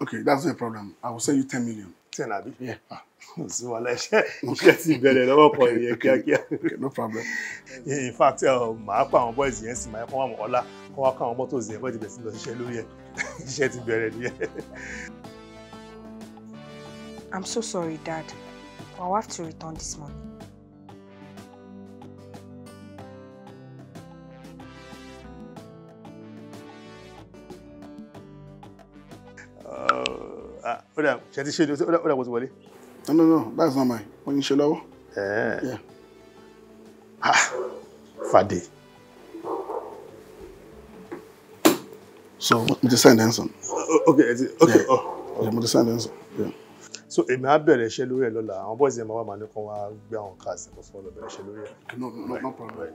okay that's no problem i will send you ten million. ten abi. yeah. Ah sí wa lẹ́ṣẹ́ iṣẹ́ ti bẹ̀rẹ̀ lọ́wọ́ pọ̀ ìyẹn kíákíá. no problem. in fact màá pa àwọn boys yẹn sì máa kọ́ àwọn ọlá kọ́ wá kọ́ àwọn mọ́tò yẹn bọ́ọ̀dì bẹ̀rẹ̀ sí lọ ṣiṣẹ́ lórí ẹ̀ iṣẹ́ ti bẹ̀rẹ̀ nìyẹn. i'm so sorry dad i will have to return this money. Ah, ó dà ṣe ti ṣe ni ó dà kó ti wọlé. no no no that's not mine mo ń eh. yeah. lọ́wọ́. Ah, Fadi. so mo ti send ẹ̀ Okay. Okay. ok ok oh. mo ti send ẹ̀ sàn. so èmi á bẹ̀rẹ̀ iṣẹ́ lórí ẹ̀ lọ́la I'm boys yẹn máa wà máa ní kó wá gbé àwọn cars kó fún ọ lọ bẹ̀rẹ̀ No, no no no problem right.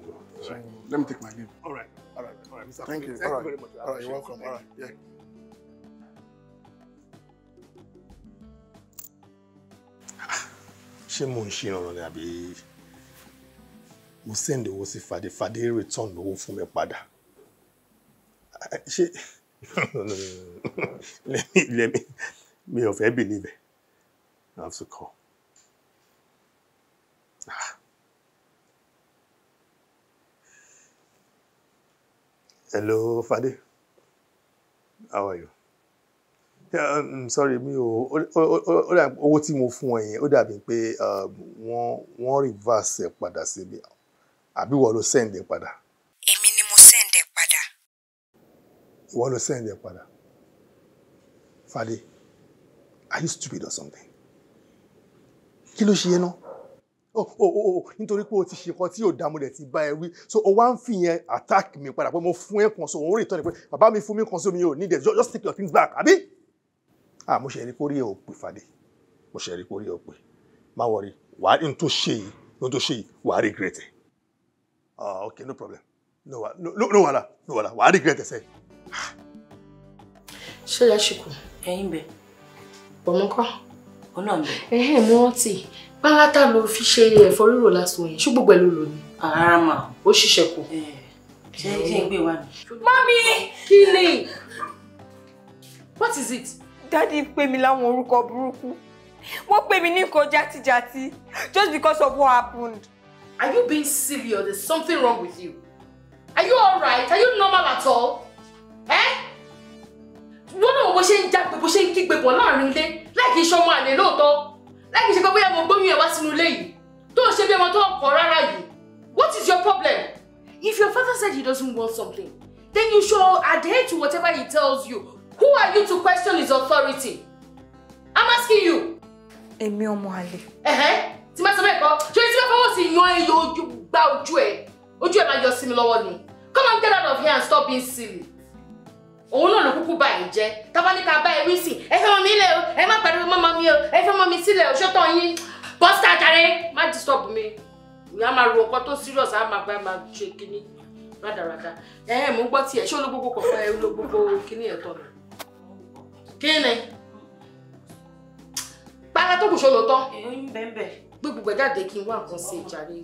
Right. let me take my leave. all right all right all right Mr. thank you very much. all right you're welcome all right yeah. ṣé mò ń ṣe ìrànlọ́ ni àbí mo send owó sí fàdé fàdé return owó fún mi padà ṣé lẹ́mí lẹ́mí mi ò fẹ́ believe it I have to call. Ah. Hello, Fadi. How are you? Uh, um, sorry mi O, o, o, owó tí mo fún ẹ yẹn ó dàbí pé um, wọ́n wọ́n reverse ẹ̀ padà síbi àbí wọ́n ló send ẹ̀ padà. èmi ni mo send ẹ̀ padà. ìwọ ló send padà. Fade, are you stupid or something? kí ló ṣe yẹn náà oh oh oh nítorí pé o ti ṣe nǹkan tí yóò dààmú rẹ̀ ti bá ẹ wí so o wá ń fi yẹn attack mi padà pé mo fún ẹ kan so òun rè tán ni pé bàbá mi fún mi kan so mi ò ní dẹ just take your things back Abi ah mo ṣe rí kórìí ò pè fàdé mo ṣe rí kórìí ò má wọrí wà á ní tó ṣe yìí ní tó ṣe yìí wà á regret ẹ ah ok no problem no no no wàhálà no no, wà á regret ẹ sẹ́yìn. ṣé lásìkò ẹ̀yin bẹ̀ pọ̀mọ́kọ́ òun náà bẹ̀. ẹ̀hẹ́n mo rántí pálátà ló fi ṣe ẹ̀fọ́ rírò lásán yẹn ṣùgbọ́n pẹ̀lú lò ní. rárá mà ó ṣiṣẹ́ kù. ṣé kí n gbé wa ni. mami kí ni what is it dádì ń pè mí láwọn orúkọ burúkú wọ́n pè mí ní nǹkan játijàti just because of what happened. Are you being serious? There's something wrong with you. Are you alright? Are you normal at all? Eh? Wọ́n náà bó ṣe ń jágbe bó ṣe ń kígbe pọ̀ láàrin ilé láì kí iṣan ọmọ àlè lóòótọ́ láì kí ṣe pé bóyá mo gbóyún ẹ̀ wá sínú ilé yìí tó ṣe bí ọmọ tó ọkọ̀ rárá yìí. What is your problem? If your father said he doesn't want something, then you should adhere to whatever he tells you Who are you to question his authority? I'm asking you. Èmi ọmọ àlè. Ẹ̀hẹ́ tí máa sọ bẹ́ẹ̀ kọ́, ṣé tí máa fọwọ́ sí yan ẹyọ ojú gba ojú ẹ̀, ojú ẹ̀ máa yọ sí mi lọ́wọ́ ni. Come and get out of here and stop being silly. Òun náà ló kúkú bá ẹ̀ jẹ́. Tábà ní ká bá ẹ wí sí, ẹ fẹ́ mọ mi lẹ̀ o, ẹ má pariwo mọ́mọ mi o, ẹ fẹ́ mọ mi sílẹ̀ o, ṣọ́tọ̀ yín. Bọ́sítà jàre, má disturb mi. Ìyá máa ro ọkọ tó serious, á máa gbá máa ṣe kinní rádaràda. Ẹ̀hẹ́ mò ń gbọ́ tiẹ̀, ṣé ológbogbo kọ̀ọ̀kan ẹ ológbogbo kinní ẹ̀ tọ̀ mi? kí ni pàrà tó kù ṣó lóòótọ́ gbé gbogbo ẹ̀ jáde kí n wá nǹkan ṣe jàre.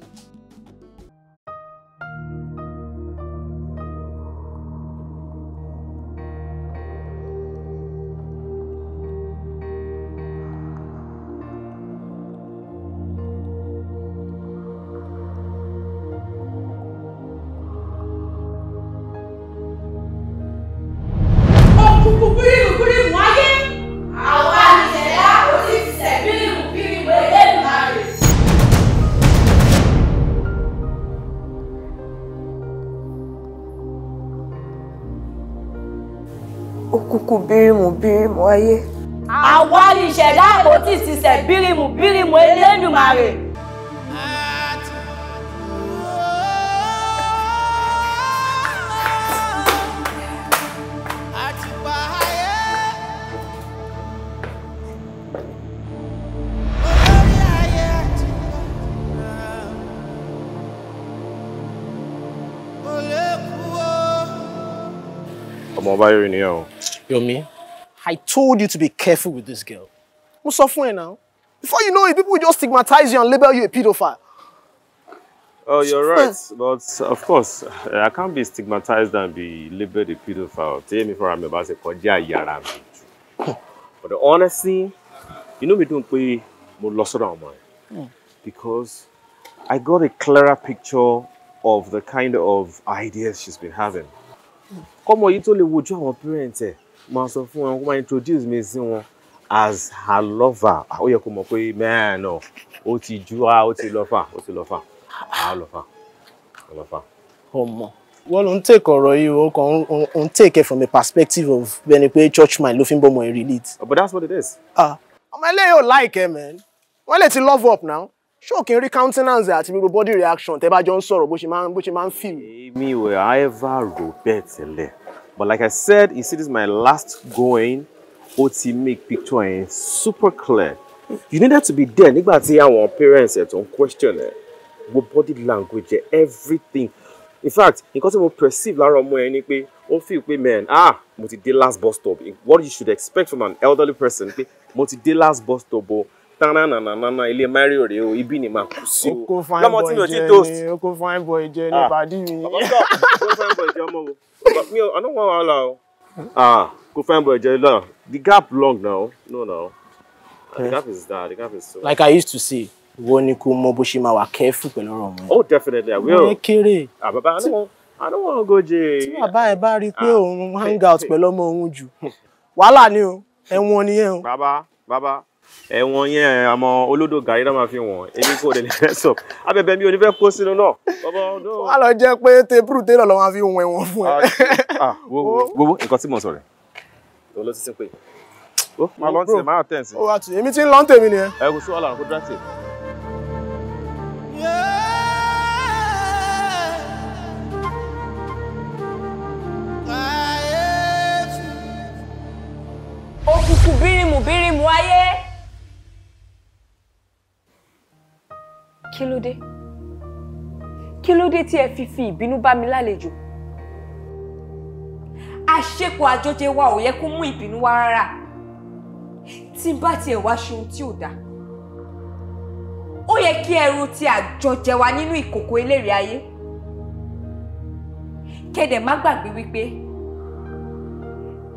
bírímù bírímù ayé. àwa ni ìṣẹ̀dá àpótí ìṣiṣẹ́ bírímù bírímù Elédùmarè. Mobayo ni o. Yomi, I told you to be careful with this girl. Mo sọ fún now. Before you know it, people will just stigmatize you and label you a pedophile. Oh, you're right. But of course, I can't be stigmatized and be labeled a pedophile. Tell me for I'm about to call yàrá mi. But honestly, you know me don't play mo lọ sọ́dọ̀ ọmọ hmm. Because I got a clearer picture of the kind of ideas she's been having kọ́mọ yìí tó lè wojú àwọn parent ẹ̀ máa sọ fún wọn kó máa introduce mi sí wọn as her lover ó yẹ kó mọ̀ pé mẹ́rin náà ó ti ju á ó ti lọ fà ó ti lọ fà á lọ fà á lọ fà. ọmọ wọ́n ló ń tèkè ọ̀rọ̀ yìí o kàn ń tèkè from a perspective of bẹni pé church man ló fi ń bọ́ ọmọ ẹ̀ relate. but that's what it is. Ah, ọmọ eléyìí ò láìkẹ́ mẹ́ wọ́n lè ti love up now. Sure, ṣọ́ọ̀kì rí countenance àti gbogbo body reaction tẹ́ bá jọ ń sọ̀rọ̀ bó ṣe máa ń bó ṣe máa ń fì. èmi ò ever rò bẹ́ẹ̀ tẹ́lẹ̀ but like I said you see this is my last going ó ti make picture yẹn super clear you needed to be there nígbà tí àwọn parents ẹ̀ tó ń question ẹ̀ gbogbo body language ẹ̀ everything in fact nǹkan tí mo perceive lára ọmọ ẹ ni pé ó fi pé man ah mo ti dé last bus stop what you should expect from an elderly person pé mo ti dé last bus stop o. Oh, tánrán nànànánà ilé mario rèé o ibi ni màá kú sí o lọ́mọ tí mi ò ti toast. oko fine boy jẹ ní ìbàdí ah. mi. boy jẹ ọmọ wo mi ò ọdún wọn wàhálà o. ah oko fine boy jẹ lọ the gap long now no no okay. the gap is there the gap is so. like i used to say wo ni ko mọ bó ṣe máa wà kẹ́fù pẹ̀lú ọ̀rọ̀ wọn. oh definitely i will. mo kéré. àbàbà ah, i no wan i no wan go jail. tí bàbá ẹ bá rí i pé ah. òun hang out pẹ̀lú ọmọ òun jù wàhálà ni o ẹ̀wọ̀n nìyẹn o. bàbá bàbá ẹ̀wọ̀n yẹn àmọ́ olódò gàrí náà máa fi wọ̀n èmi kò lè lè sọ abẹ́bẹ́ mi ò ní fẹ́ kó sínú náà. wọ́n á lọ jẹ́ pé tepru tẹ́lọ̀ lọ́ máa fi wọ̀n ẹ̀wọ̀n fún ẹ. gbogbo ah, ah, nǹkan tí mo sọ rẹ̀ ló ti sin pé. ó máa lọ́ọ́ tẹ̀ máa tẹ̀ sí. ó wà tì èmi ti ń lọ́ọ́ tèmi nìyẹn. ẹ kò sí ọ̀làrán kó dá tè. òkùnkùn bírímù bírímù ayé. kí ló dé kí ló dé tí ẹ fi fi ìbínú bá mi lálejò àṣepọ̀ àjọjẹ wa ò yẹ kó mú ìbínú wá rárá tí n bá tiẹ̀ wá ṣe ohun tí ò dáa ó yẹ kí ẹrù ti àjọjẹ wa nínú ìkòkò eléèrè ayé kẹ́dẹ̀ má gbàgbé wípé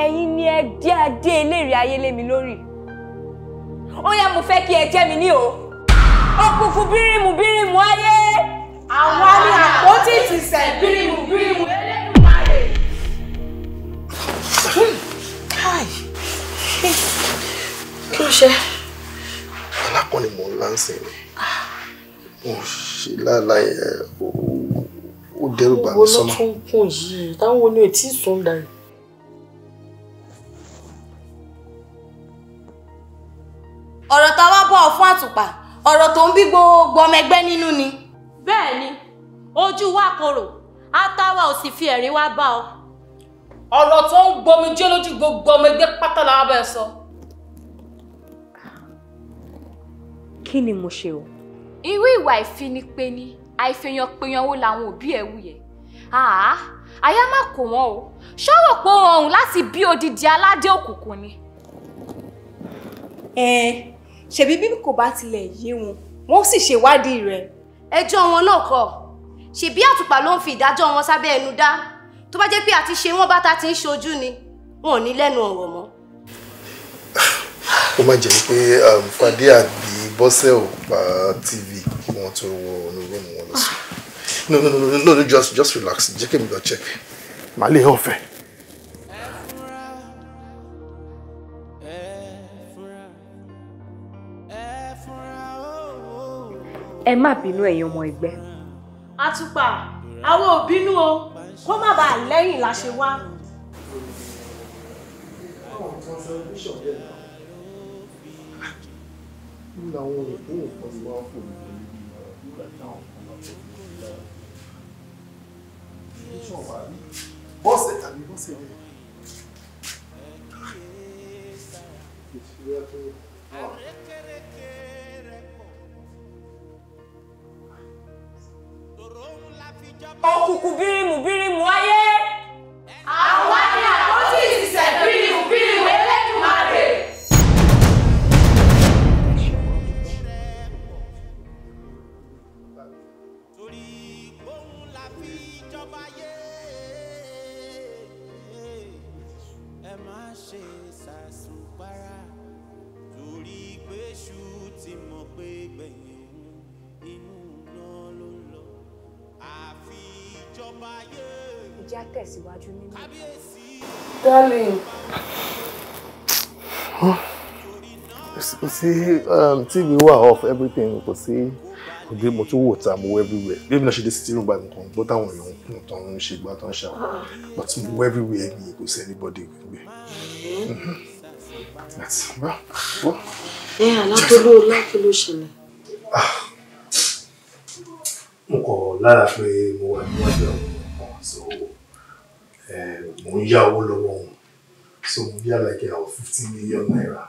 ẹ̀yin ni ẹ dé adé eléèrè ayé lé lórí ó yá mo fẹ́ kí ẹ jẹ́ mi ní o ọkùnfù bírímù bírímù ayé. àwa ni àpótí ìtìsẹ̀ bírímù bírímù kí ló ṣe. alákọ̀ ni mò ń láǹsìn ni mo ṣe láàlá ó dẹ́rù bà mí sọ́mọ́. ìwọ ló tún kún yìí táwọn wo ni ò tí sùn dànù. ọ̀rọ̀ tá bọ̀ fún àtùpà ọ̀rọ̀ tó ń bí gbogbo ọmọ ẹgbẹ́ nínú ni. bẹ́ẹ̀ ni ojú wa korò átáwà ò sì fi ẹ̀rín wá bá ọ. ọ̀rọ̀ tó ń gbomi jẹ́ lójú gbogbo ọmọ ẹgbẹ́ pátá làwọn bẹ́ẹ̀ sọ. kí ni mo ṣe o. irú ìwà ìfinipeni àìfẹyànpẹyànwó làwọn òbí ẹ wù yẹ àá àyà má kò wọn o ṣọ́wọ́ pé ó rọrùn láti bí odidi aládé òkùnkùn ni. ẹ eh ṣebí bí kò bá tilẹ̀ yé wọn wọn sì ṣèwádìí rẹ̀. ẹjọ́ wọn náà kọ̀ ṣebí àtùpà ló ń fi ìdájọ́ wọn sábẹ́ ẹnu dá tó bá jẹ́ pé àti ṣe wọ́n bá ta ti ń ṣojú ni wọn ò ní lẹ́nu ọ̀rọ̀ mọ́. ó máa jẹ́ pé um, fadé àbí bọ́sẹ̀ ò pa tv kí wọ́n tó wọ inú rúùmù wọn lọ sí no no no no just just relax jẹ́ kí èmi lọ check. màá lè ọ̀fẹ́. ẹ má bínú ẹ̀yin ọmọ ẹgbẹ́. àtùpà àwọn ò bínú o kó má bàa lẹ́yìn la ṣe wá. láwọn olùkóhùn kan ti wá fò ní ìgbà táwọn kan bá tó ń lọ. bọ́ọ̀sì tàbí bọ́ọ̀sì rẹ̀. ìṣúra tó wà. òkùnkùn bírímù bírímù ayé àwọn. darling. kò sí um, tv wà off everything kò sí òde mo tún wò ta mo wọ everywhere bí èmi náà ṣe dé sitting room báyìí nǹkan gbọ́ táwọn èèyàn ń kún tó ń ṣe gbá tó ṣàwọn but mo wọ everywhere mi kò sí anybody gbẹ. Mm-hmm. ẹ alákòóló lákòóló ṣẹlẹ̀. n ah. kò lára pé mo wà níwájú àwọn ọmọ so. Eh, mò ń yá owó lọ́wọ́ wọn so mo yá like a fifteen million naira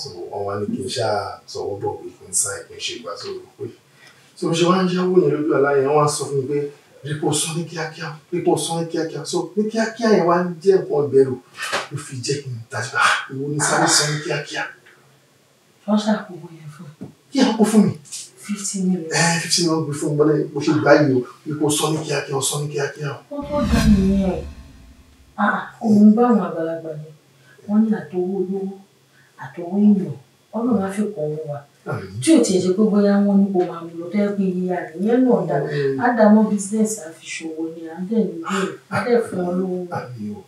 so wọn wá ní kí n ṣáà sọwọ́ bọ̀ pé kí n sá ìpín ṣe ìgbà tó rò pé so mo ṣe wá ń yáwó yẹn lójú àlá yẹn wọ́n á sọ fún mi pé rípò sọ ní kíákíá rípò sọ ní kíákíá so ní kíákíá yẹn wá ń jẹ́ nǹkan ìbẹ̀rù ló fi jẹ́ kí n tajà ìwọ ní sáré sọ ní kíákíá. wọ́n ṣàkóso yẹn fún mi. kí á fún mi. fifty million. ẹ eh, fifty million gbé fún mi mo ṣe gbá yìí o rípò sọ ní kíákíá sọ ní kíákíá. wọ́n tó dá mi òun bá àwọn àgbàlagbà mi wọ́n ní àtọwọ́ olówó àtọwọ́ èèyàn ọlọ́run á fi kọ̀ wọ́n wa tí ò tiẹ̀ ṣe pé bóyá wọ́n ní kó máa mú lọ tẹ́ pé iye àníyàn náà dá á dá mọ́ bísíǹsì àfiṣòwò ni à ń tẹ̀ nílé à ń tẹ̀ fún ọ lówó. àmì ò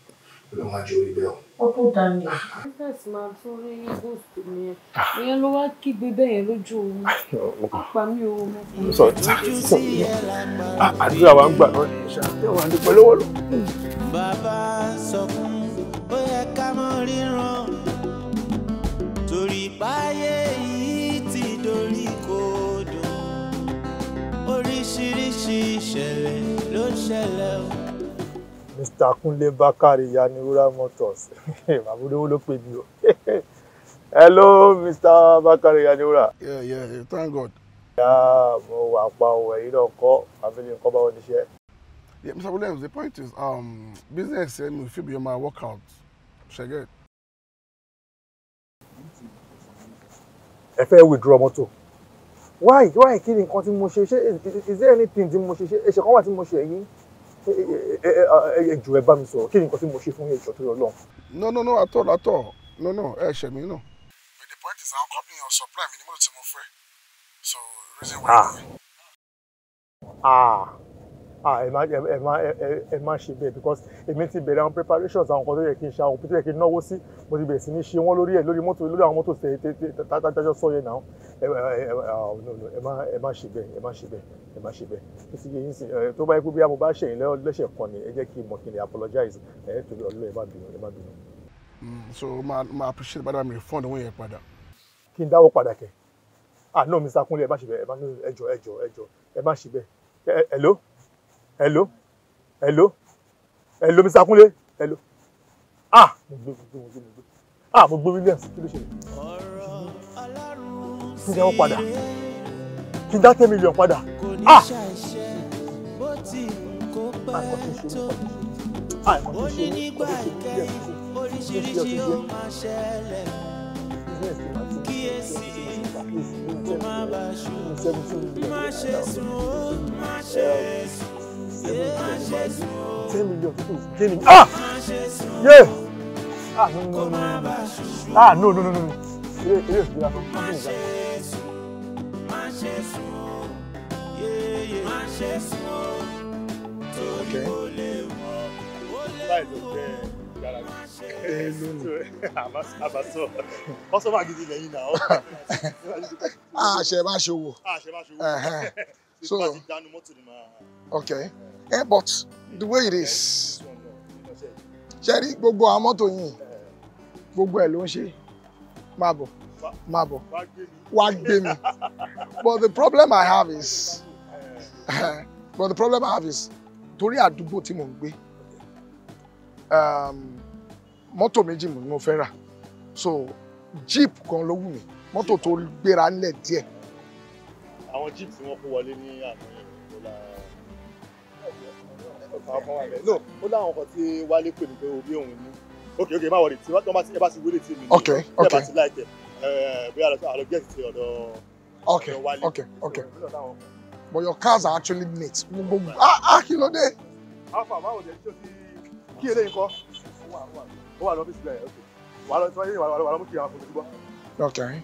lọ́mọ àjọ orí bẹ́ẹ̀ o ó tó dá mi. princess ah, ah. máa tún rí ghost mi ẹ ah. ìyẹn ló wá kígbe bẹ́ẹ̀ yẹn lójú omi pa mí o. sọ sọ àdúrà wa ń gbà náà ní ìṣàtẹ wa ní pẹ̀lú wọn. bàbá sọkún ó yẹ ká mọ ríran torí báyé yìí ti dorí kodò oríṣiríṣi ìṣẹ̀lẹ̀ ló ń o. Takunle Bakare Yaniwura Motors bàbá olówó ló pè mí o hello Mr. Bakari Yaniwura. yeah yeah thank God. ya mo wà pa òwe yìí náà kọ́ àbílẹ̀ nǹkan báwo ni iṣẹ́. yeah Mr. Williams the point is um, business ẹnu eh, fit be your man workout ṣẹgẹ. ẹ fẹ́ withdraw mọ́tò why why kí ni nǹkan tí mo ṣe ṣe is there anything tí mo ṣe ṣe ẹ̀ṣẹ̀ kan wà tí mo ṣe yìí ẹ jù ẹ bá mi sọ̀rọ̀ kí ni nǹkan tí mo ṣe fún ìjọ tó yọ lọ́hùn. no no no atọ atọ no no ẹ ṣẹ mi náà. but the point is àwọn company yẹn supply mi ni mo ti mo fẹ́ so reason why. ah ah ah ẹ má ẹ má ẹ má ṣe bẹ́ẹ̀ because èmi ti bẹ̀rẹ̀ àwọn preparations àwọn nǹkan tó yẹ kí n ṣe àwọn òpin yẹ kí n náwó sí mo ti bẹ̀rẹ̀ sí ní ṣe wọ́n lórí ẹ̀ lórí mọ́tò lórí àwọn mọ́tò tájọ́ sọ yẹn náà ẹ má ẹ má ṣe bẹ́ẹ̀ ẹ má ṣe bẹ́ẹ̀ ẹ má ṣe bẹ́ẹ̀ tó ti yẹ yín sí tó bá yẹ kó bí a mo bá ṣẹ̀yìn lẹ́sẹ̀ kan ni ẹ jẹ́ kí n mọ̀ kí n apologize ẹ ẹ má so ma ma appreciate bàdà mi refund owó yẹn padà. kí n dáwọ́ padà kẹ́ ah no Mr. Kunle ẹ má ṣe bẹ́ẹ̀ ẹ má ẹjọ́ ẹjọ́ ẹjọ́ hello hello hello hello mr akunle hello ah mo gbé mo gbé mo gbé mo gbé ah mo gbé williams kí ló ṣe kí n dá wọn padà kí n dá ten million padà ah onínígbà ah, ten million ten million ah yeah ah no no no no no. ah no no no no ilé Okay. okay Eh, but the way it is ṣe rí gbogbo àwọn mọ́tò yìí gbogbo ẹ̀ ló ń ṣe máa bọ̀ máa bọ̀ wá gbé mi but the problem I have is but the problem I have is torí àdúgbò tí mò ń gbé um, mọ́tò méjì ni mo fẹ́ rà so jeep kan ló wù mí mọ́tò tó gbéra ńlẹ̀ díẹ̀. àwọn jeep tí wọ́n kó wọlé ní àná àwọn kan wà bẹ́ẹ̀ no ó láwọn kan tí wálé pè mí pé omi òun ní ok ok má wọlé tí wọn bá ti ẹ bá ti wílé tí mi ní ok ok ẹ bá ti láìpẹ ẹ eh, bóyá àlọ gẹẹsì ti ọ̀dọ̀ ok ok ok but your cars are actually neat gbogbo ah ah kí ló dé. alfa báwo jẹ tí o ti kí eléyìí kọ ó wà lọ́fíìsì bẹ́ẹ̀ ok wà á lọ sí wàá lọ mú kí àwọn akọ̀tún gbọ́. okay. okay. okay.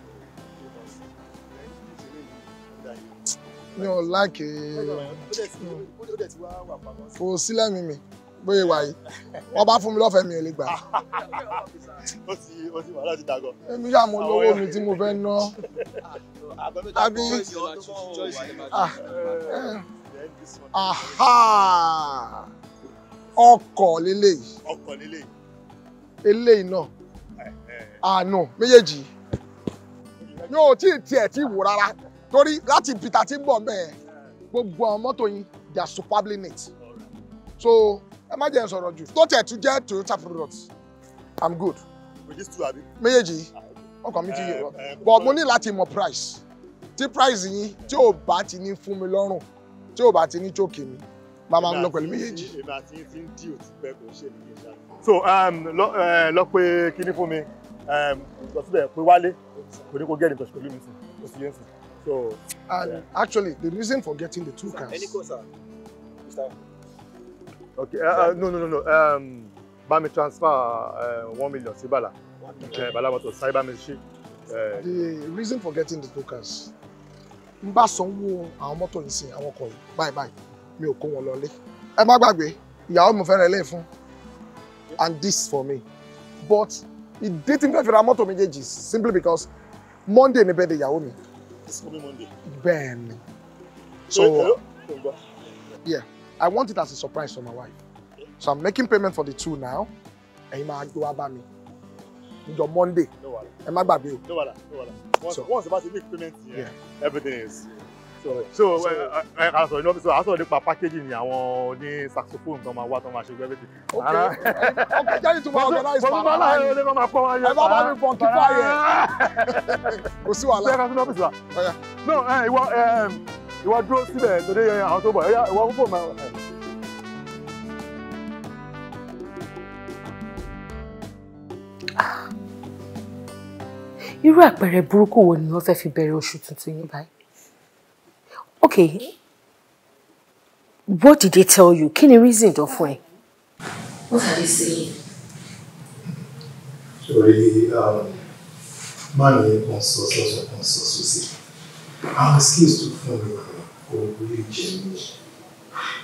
mi ò láàkì kò eh, sílẹ̀ mi mi bóyá wà yìí wọ́n bá fún mi lọ́fẹ̀ẹ́ mi ò lè gbà. ó ti ó ti wà láti dàgọ̀. èmi yà mọ lówó mi tí mo fẹ́ ná. àbí ah, eh, ọkọ̀ lélẹ́yìí. ọkọ̀ lélẹ́yìí. eléyìí náà àánú méjèèjì yóò tí ì tiẹ̀ tí ì wò rárá torí láti peter ti ń bọ̀ bẹ́ẹ̀ gbogbo àwọn mọ́tò yín they are superbly neat so ẹ má jẹ́ sọ̀rọ̀ jù tó tẹ̀ tún jẹ́ toyota products i'm good. méjèèjì ọkàn mi ti yẹ eh, ọ eh, but mo ní láti mọ price tí price yín tí ò bá ti ní fún mi lọ́rùn tí ò bá ti ní chókè mi máa lọ pẹ̀lú méjèèjì. èmi àti ti ń dí òtún pẹ́ kò ṣe nìyẹn ṣá. so um, lọ eh, pé kíní fún mi um, lọ síbẹ̀ pé wálé kò ní kó gẹ́rì nǹkan ṣe pẹ̀lú mi sí yẹn sí. So, and yeah. actually, the reason for getting the two cars. Any closer, Mr. Okay. Uh, uh, no, no, no, no. Um, bá mi transfer uh, one million Sibala. Bala. Okay. Eh, Bala mọ́tò sáré bá mi ṣe. The reason for getting the two cars. N bá sanwó àwọn mọ́tò yìí sí àwọn ọkọ̀ yìí báyìí báyìí mi ò kó E lọlé. Ẹ má gbàgbé ìyàwó mi fẹ́ràn ẹlẹ́yìn and this for me but it tí n fẹ́ fi ra mọ́tò simply because Monday ni bẹ́ẹ̀ de ìyàwó mi. This coming Monday. Ben. So, so yeah, I want it as a surprise for my wife. So I'm making payment for the two now. And you might go about me. on Monday. No, wala. No, wala. No, wala. Once, so, once about to make payment, yeah, yeah. everything is. Yeah so ẹ ká sọ ní ọ́fíìsì àá sọ nípa packaging ni àwọn ní saxophone tó máa wá tó máa ṣe gbẹ́bẹ́tì. ọkọ jáde tó máa organize pàmò bọ́lá ẹ lè máa pọ́n wáyé. ẹ bá bá mi pọ́n kí fáyé kò sí wàhálà. ṣé ẹ ká sọ ní ọ́fíìsì wa. no eh, ìwọ eh, ìwọ dúró síbẹ̀ lóde eh, àwọn tó bọ̀ ìwọ púpọ̀ máa. Ah. irú àpẹẹrẹ burúkú wo ni wọ́n fẹ́ fi bẹ̀rẹ̀ oṣù tuntun yín báyìí Okay. What did they tell you? Can you reason it fún why? What are they saying? Sorry, um, man yẹn kan sọ sọ́sọ́ kan sọ sọ́sẹ́. Àwọn skills tó fún mi kò wúlò jẹ mí.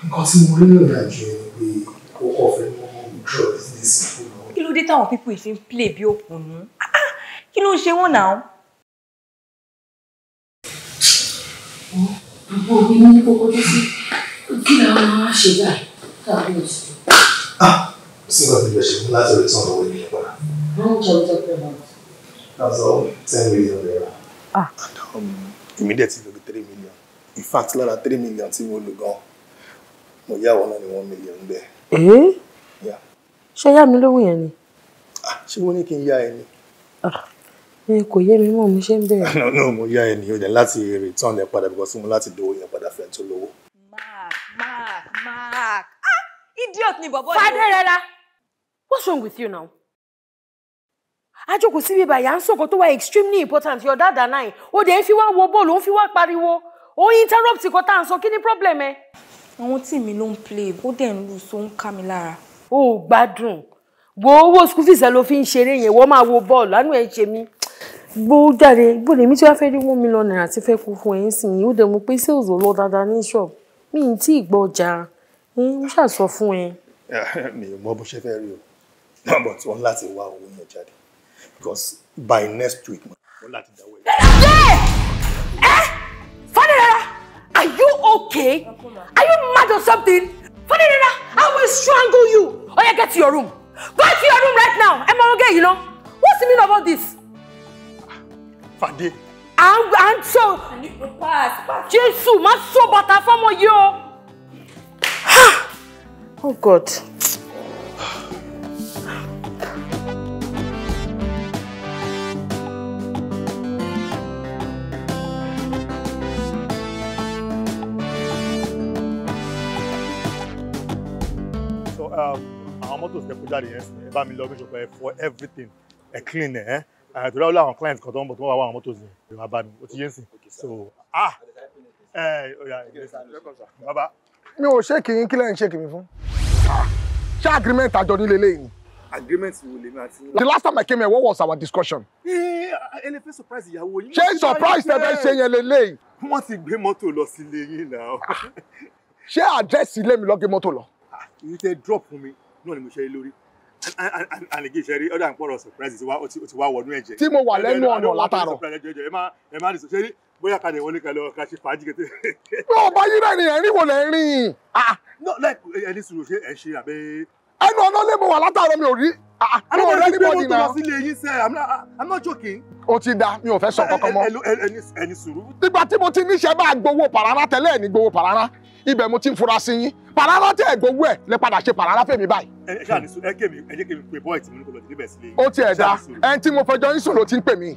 Nǹkan tí mo rí lọ́nà àjò yẹn ni pé ó kọ̀ fẹ́ mọ́ drug ní you Kí ló dé táwọn pípọ̀ ìfi play be open. Ah, ah, kí ló ń ṣe wọ́n náà? àbúrò mi ní kókó tó sí kí làwọn máa ṣe báyìí káàbọ̀ sí. Ah, sí nǹkan tó jọ ṣe fún láti orí sọ̀rọ̀ wọlé nípa. wọ́n ń jẹun tẹ́tẹ́ náà. that's all ten million naira. Ah. èmi dẹ̀ ti lórí three million in fact lára three million tí mo lò gan mo yá wọn náà ní one million bẹ́ẹ̀. Eh? ṣé yá mi lówó yẹn ni. Ah, ṣé wọ́n ní kí n yá ẹ ni ẹ kò yé mi mọ̀ mo ṣe ń bẹ̀rẹ̀. no no mo yá ẹni o dẹ láti return ẹ padà because mo láti dowó yẹn padà fẹ́ tó lówó. mark mark mark ah idiot ni bọ̀bọ̀ yìí. Fadérẹ́lá what's wrong with you now. ajókòó síbi ìbàyà ń sọ̀kọ̀ tó wà extremely important your dad and I ó dẹ̀ ń fi wá wo bọ́ọ̀lù ó ń fi wá pariwo ó ń interrupt kó tá à ń sọ kí ni problem ẹ. àwọn tí mi ló ń play ó dẹ̀ ń lù so ká mi lára. o gbádùn wo owó school fees ẹ ló fi ń ṣeré yẹn wọ́n máa wo bọ́ọ̀lù àánú ẹ̀ ṣe mí gbó jáde gbóde mi tí wàá fẹ́ rí one million naira ti fẹ́ kú fún ẹ̀yìn sìn yìí ó dẹ̀ mọ̀ pé sales ò lọ dáadáa ní shop mi ì tí ì gbọ́ ọjà mo ṣáà sọ fún ẹ. mi ò mọ bó ṣe fẹ́ rí o but wọn láti wá owó yẹn jáde because by next week wọn láti dáwọ́ ẹ̀. ẹ Fadérara are you okay are you mad or something Fadérara I will strangle you oya get to your room. Go to your room right now. Ẹ máa ń gé yìí ná. What's the meaning of all this? Fàdé. À ń so. Jesus, tó. Jésù máa sọ bàtà fọ́mọ yìí o. Oh God. àwọn mọ́tò tẹ yẹn ẹ bá mi lọ bí ṣọpẹ́ for everything ẹ clean ẹ ẹ torí àwọn àwọn client kan tó ń bọ̀ tó wà wà mọ́tò yẹn ẹ bá mi ó ti yé sìn so ah ẹ ọ̀yà bàbá. mi ò ṣe kìí kí lẹ́yìn ṣe kìí fún ṣé agreement àjọ nílé lẹ́yìn ni agreement wo lèmi àti. the last time i came here what was our discussion. ele eh, fẹ́ surprise ìyàwó yín. ṣé surprise tẹ fẹ́ ṣe yẹn lélẹ́yìí. wọ́n ti gbé mọ́tò lọ sílé yín náà. ṣé àdírẹ́sì ilé mi lọ gbé mọ́tò lọ. Ah, ìyí tẹ drop for me náà ni mo ṣe é lórí àlejò ìṣe rí ọ̀dà ń pọ̀rọ̀ surprise ti wá ó ti wá wọnú ẹ̀jẹ̀. tí mo wà lẹ́nu ọ̀nà látàrọ̀. ẹ má ẹ má ṣe rí bóyá kàdé wọlé kalẹ̀ ọ̀ka ṣe fàájì kété. bí o bá yí rẹ̀ nìyẹn rí wò lẹ́ rìn. Ah, ẹni sùúrù ṣe ẹ ṣe àbẹ. ẹnu ọ̀nà lè mo wà látàrọ̀ mi ò rí. Ah, ah, mi ò rẹ́ níbo dìnnà. àwọn ọmọ ìlú yín sẹ́ I'm not joking. o ti da mi ò fẹ́ sọ kankan mọ́. ẹni sùúrù. nígbà tí mo ti níṣẹ́ bá gbowó pàràrà tẹ́lẹ̀ ní gbowó pàràrà ibẹ̀ mo ti ń fura sí yín pàràrà tẹ gbogbo ẹ lè padà ṣe pàràrà fèmí báyìí. ẹ ṣáà ní sùn ẹ kémi ẹ jẹ́ kémi pé bọ́ọ̀ tí mo ní kó lọ sí níbẹ̀ sílé. ó ti ẹ̀ dá ẹni tí mo fẹjọ́ yín sọ̀rọ̀ ti ń pè mí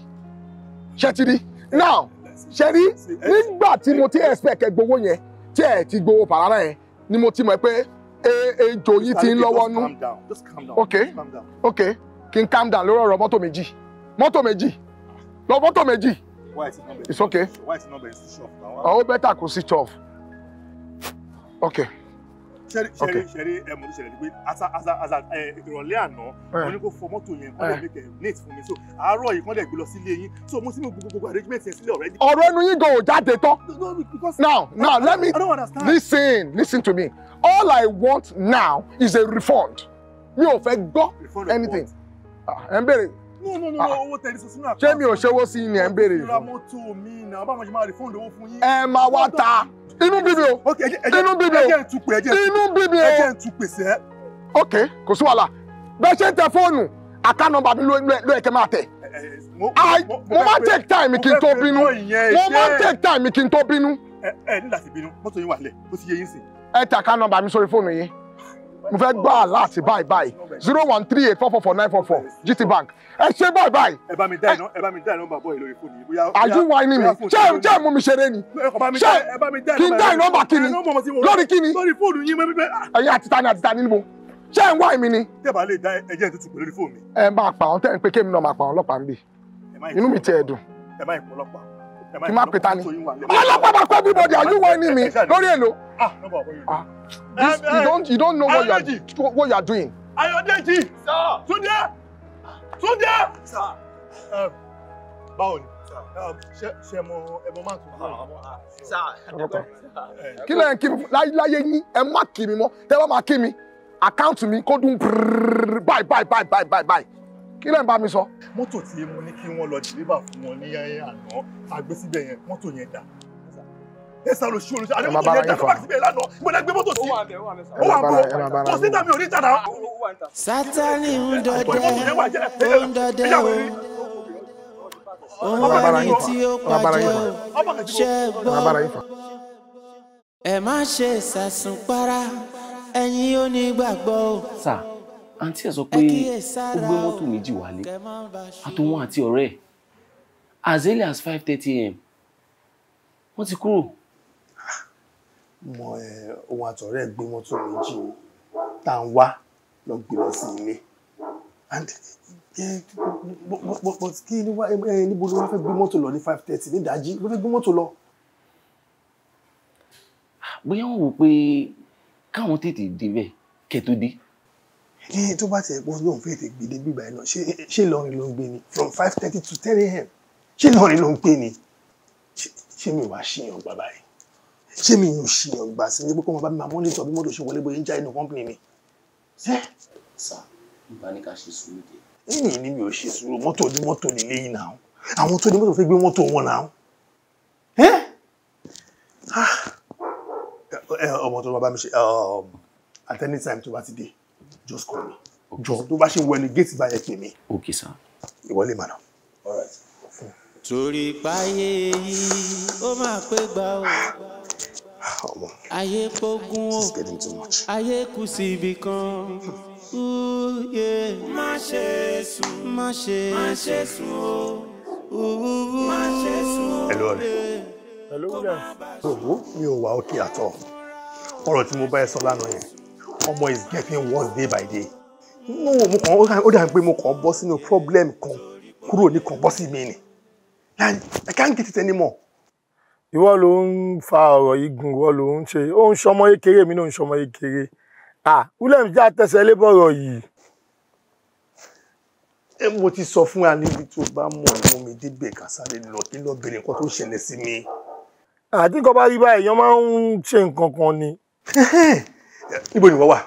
ṣe ti rí now ṣe rí nígbà tí mo ti expect ẹ gbowó yẹn tí ẹ ti gbowó pàràrà yẹn ni mo ti mọ̀ pé e, ejò yìí ti ń lọ́wọ́ nú ok ok kí n calm down lórí ọ̀rọ̀ mọ́tò méjì mọ́tò méjì lọ mọ́tò méjì it's okay. ọ̀hún bẹ́tà oh, kò sí twelve ok sẹ́rí sẹ́rí sẹ́rí ẹ mọ̀ ṣẹlẹ̀ pé asa asa asa ẹ ìrọ̀lẹ́ àná eh. wọn ní kó fọ mọ́tò yẹn kọ́ lẹ́ẹ̀mí kẹ̀ nate fún mi so àárọ̀ yìí kọ́ lẹ́ẹ̀ gbé lọ sílé yín so mo sì mú gbogbo gbogbo arrangement yẹn sílẹ̀ already. ọ̀rọ̀ ẹnu yín gan ò jáde tán now now let me listen listen to me all I want now is a refund mi ò fẹ́ gbọ́ anything ah, ẹ ń béèrè no no no ah. owó tẹ̀lé sọ́sínú àkọ́. ṣé mi ò ṣẹ́wó sí ni ẹ ń béèrè. ẹ máa wá ta inú bíbí o inú bíbí o inú bíbí o ẹjẹ ń tu ok kò sí wàhálà bẹ́ẹ̀ ṣe ń tẹ fóònù àká nọ́mbà mi ló ẹ̀kẹ́ máa tẹ̀. mo máa ń take time kí n tó bínú mo máa ń take time kí n tó bínú. ẹ ẹ nígbà tí bínú mọ́tò yín wà lẹ̀ bó ti yé yín sìn. ẹ tẹ àká nọ́mbà mi sórí fóònù yín mo fẹ́ gbọ́ àlá àti báyìí báyìí zero one three eight four four four nine four four GT Bank ẹ ṣe báyìí báyìí. ẹ bá mi dá iná ẹ bá mi dá iná bàbá ìlú ìfún mi. are you whining me ṣé ṣé mú mi ṣeré ni ṣé kí n dá iná bà kí ni lórí kí ni ẹ̀yin àti tani àti tani níbo ṣé ń wá mi ni. tẹ́ bá lè dá ẹjẹ́ tuntun pẹ̀lú fóònù mi. ẹ máa pa àwọn tẹ́ ń pe kémi náà máa pa àwọn ọlọ́pàá ń bì inú mi tiẹ̀ dùn. ẹ má ìpọ́lọ́pàá kí má pè ta ni ọlọ́pàá máa kọ everybody are you warning lórí èlò ah, ah, you don't you don't know what you are what you are doing. Ayọ̀dèjì Túndé Túndé um, báwo ni ṣe mọ ẹbọ máa tún fún mi. Ah, eh, kí lẹ́yìn kí mi láyé yín ẹ má kí mi mọ́ tẹ́ bá máa kí mi àkáǹtì mi kó dún báyìí báyìí báyìí báyìí báyìí kí lẹ́ ń bá mi sọ. mọ́tò tí mo ní kí wọ́n lọ dìlébà fún wọn ní àná àgbé síbẹ̀ yẹn mọ́tò yẹn dà ẹ sá lọ sí olùsọ àdé tó bá ti bẹ̀rẹ̀ lánàá mo gbé mọ́tò sí ó wà bọ̀ kò sí dàmí òní tàdá. Sátánì ń dọdẹ ń dọdẹ o òun ẹni tí ó pàjẹ́ ṣe gbọ́ ẹ má ṣe sàsùn para ẹ̀yin onígbàgbọ́ o àǹtí ẹ̀ sọ pé ó gbé mọ́tò méjì wálé àtòun àti ọ̀rẹ́ ẹ̀ as early as five thirty am wọ́n ti kúrò. mo ẹ ohun àtọ̀rẹ́ gbé mọ́tò méjì tá à ń wá lọ gbé lọ sí ilé but kí níbo ni wá fẹ́ gbé mọ́tò lọ ní five thirty ní ìdájí ló fẹ́ gbé mọ́tò lọ. bóyá wọn wò pé káwọn tètè débẹ̀ kẹ́ dé ní eh, tó bá tiẹ̀ pọ̀ lóun fẹ́ẹ́ ti gbèdé bíbá ẹ̀ náà ṣé lọ́rin ló ń gbé ni from five thirty to ten a.m. ṣé lọ́rin ló ń gbé ni ṣé mi wàá ṣìyàn gbà báyìí ṣé mi ò ṣìyàn gbà sí ní pípọ́n bá mi máa mọ́nítọ̀ bí mọ́tò ṣe wọlé bóyá ń já inú kọ́ńpìnì mi. sà ìbáníkà ṣe sùúrù dé. ní ní mi ò ṣe sùúrù mọ́tò ní mọ́tò nílé yìí náà àwọn tó ní mọ́tò fẹ́ gbé mọ́tò wọn náà. Ah! ọmọ tó bá bá mi ṣe um, at any time tó bá ti dé just call me jọ tó bá ṣe ń Get ẹni géètì bá yẹ pè mí. ok sir. ìwọlé màdà. torí páyé yìí ó máa pé gbà ó. Ah, ayé pogun ó ayé kù sí ibì kan. má ṣe sùn má ṣe sùn ó má ṣe sùn ó. ẹ lọ́ọ̀rẹ́. ẹ lọ́ọ̀rẹ́. òwò mi ò wá òkè àtọ̀ ọ̀rọ̀ tí mo bá ẹ sọ lánàá yẹn ọmọ is getting worse day by day no mo kàn ó dà pé mo kàn bọ́ sínú problem kan kúrò ní kan bọ́ sí mi ni i can't get it anymore. ìwọ ló ń fa ọ̀rọ̀ yìí gùn ìwọ ló ń ṣe ó ń ṣọmọ ékeré mi náà ń ṣọmọ ékeré ah william jẹ́ àtẹ̀sẹ̀ lébọ̀rọ̀ yìí. ẹ mo ti sọ fún wa níbi tó bá mọ̀ ní omi débẹ̀ kásáré lọ kí lọ́ọ́ bèrè tó ṣẹlẹ̀ sí mi. àti bá rí báyìí èèyàn máa ń ṣe nǹkan kan ni níbo ni wọ́n wà.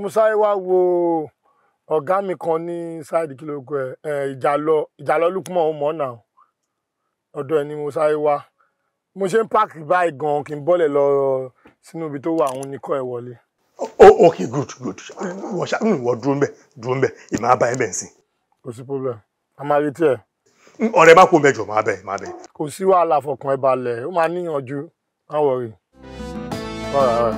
musai wá wo ọ̀gá mi kan ní sáìdì kìlọ̀ ọkọ ẹ̀ ìjàlọ ìjàlọ lukumọ̀ ọmọ náà ọ̀dọ̀ ẹ̀ ni musai wá mo ṣe ń páàkì báyìí gan-an kí n bọ́lẹ̀ lọ sínú ibi tó wà òun nìkọ́ ẹ̀ wọlé. good good wọ́n ṣáà ń hmm, wọ́n dúró ń bẹ̀ dúró ń bẹ̀ èmi á bá ẹ̀ bẹ̀ ń sìn. kò sí problem a máa retí ẹ. Hmm, ọ̀rẹ́ má kó mẹ́jọ má bẹ̀ má bẹ̀. kò sí wàhálà fọkàn ẹ balẹ̀ ó máa níyànjú má Ôi ơi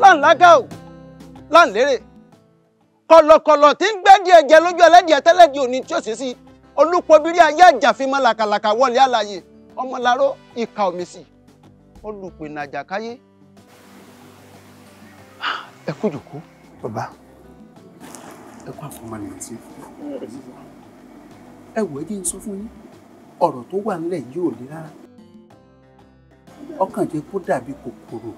Lần lá láǹlérè kọlọkọlọ tí ń gbẹ́dì ẹ̀jẹ̀ lójú ẹlẹ́dìẹ tẹ́lẹ̀dì òní tí ó sì sí olùpọ̀bìrì ayé àjàfimọ́ làkàlàkà wọlé àlàyé ọmọláró ìka òmìsì àjàkáyé. ẹ kú jòkó bàbá kú dàbí kòkòrò